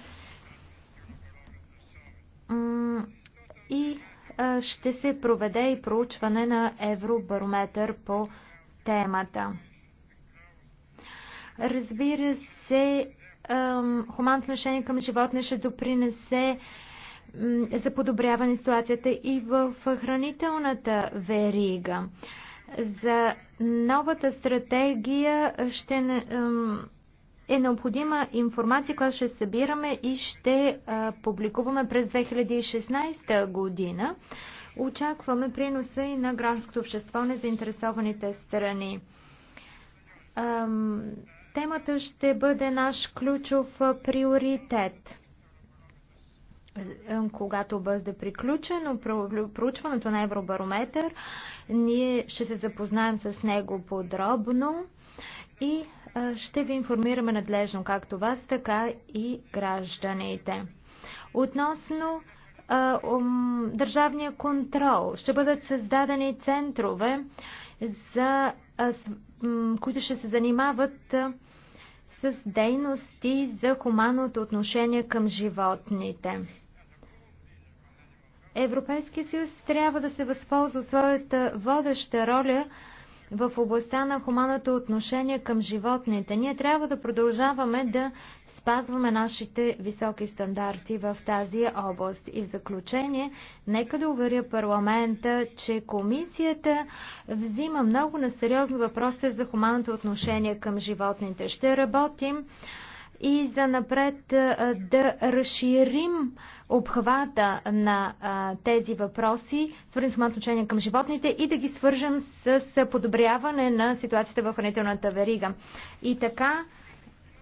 и ще се проведе и проучване на Евробарометър по темата. Разбира се, хуманно отношение към животни ще допринесе за подобряване на ситуацията и в хранителната верига. За новата стратегия ще е необходима информация, която ще събираме и ще публикуваме през 2016 година. Очакваме приноса и на гражданското общество, на заинтересованите страни. Темата ще бъде наш ключов приоритет когато бъде приключено проучването на Евробарометър, ние ще се запознаем с него подробно и ще ви информираме надлежно както вас, така и гражданите. Относно държавния контрол, ще бъдат създадени центрове, за, които ще се занимават с дейности за хуманното отношение към животните. Европейския съюз трябва да се възползва своята водеща роля в областта на хуманното отношение към животните. Ние трябва да продължаваме да спазваме нашите високи стандарти в тази област. И в заключение, нека да уверя парламента, че комисията взима много на сериозно въпроса за хуманното отношение към животните. Ще работим и за напред да разширим обхвата на тези въпроси, свързани с отношение към животните и да ги свържем с подобряване на ситуацията в хранителната верига. И така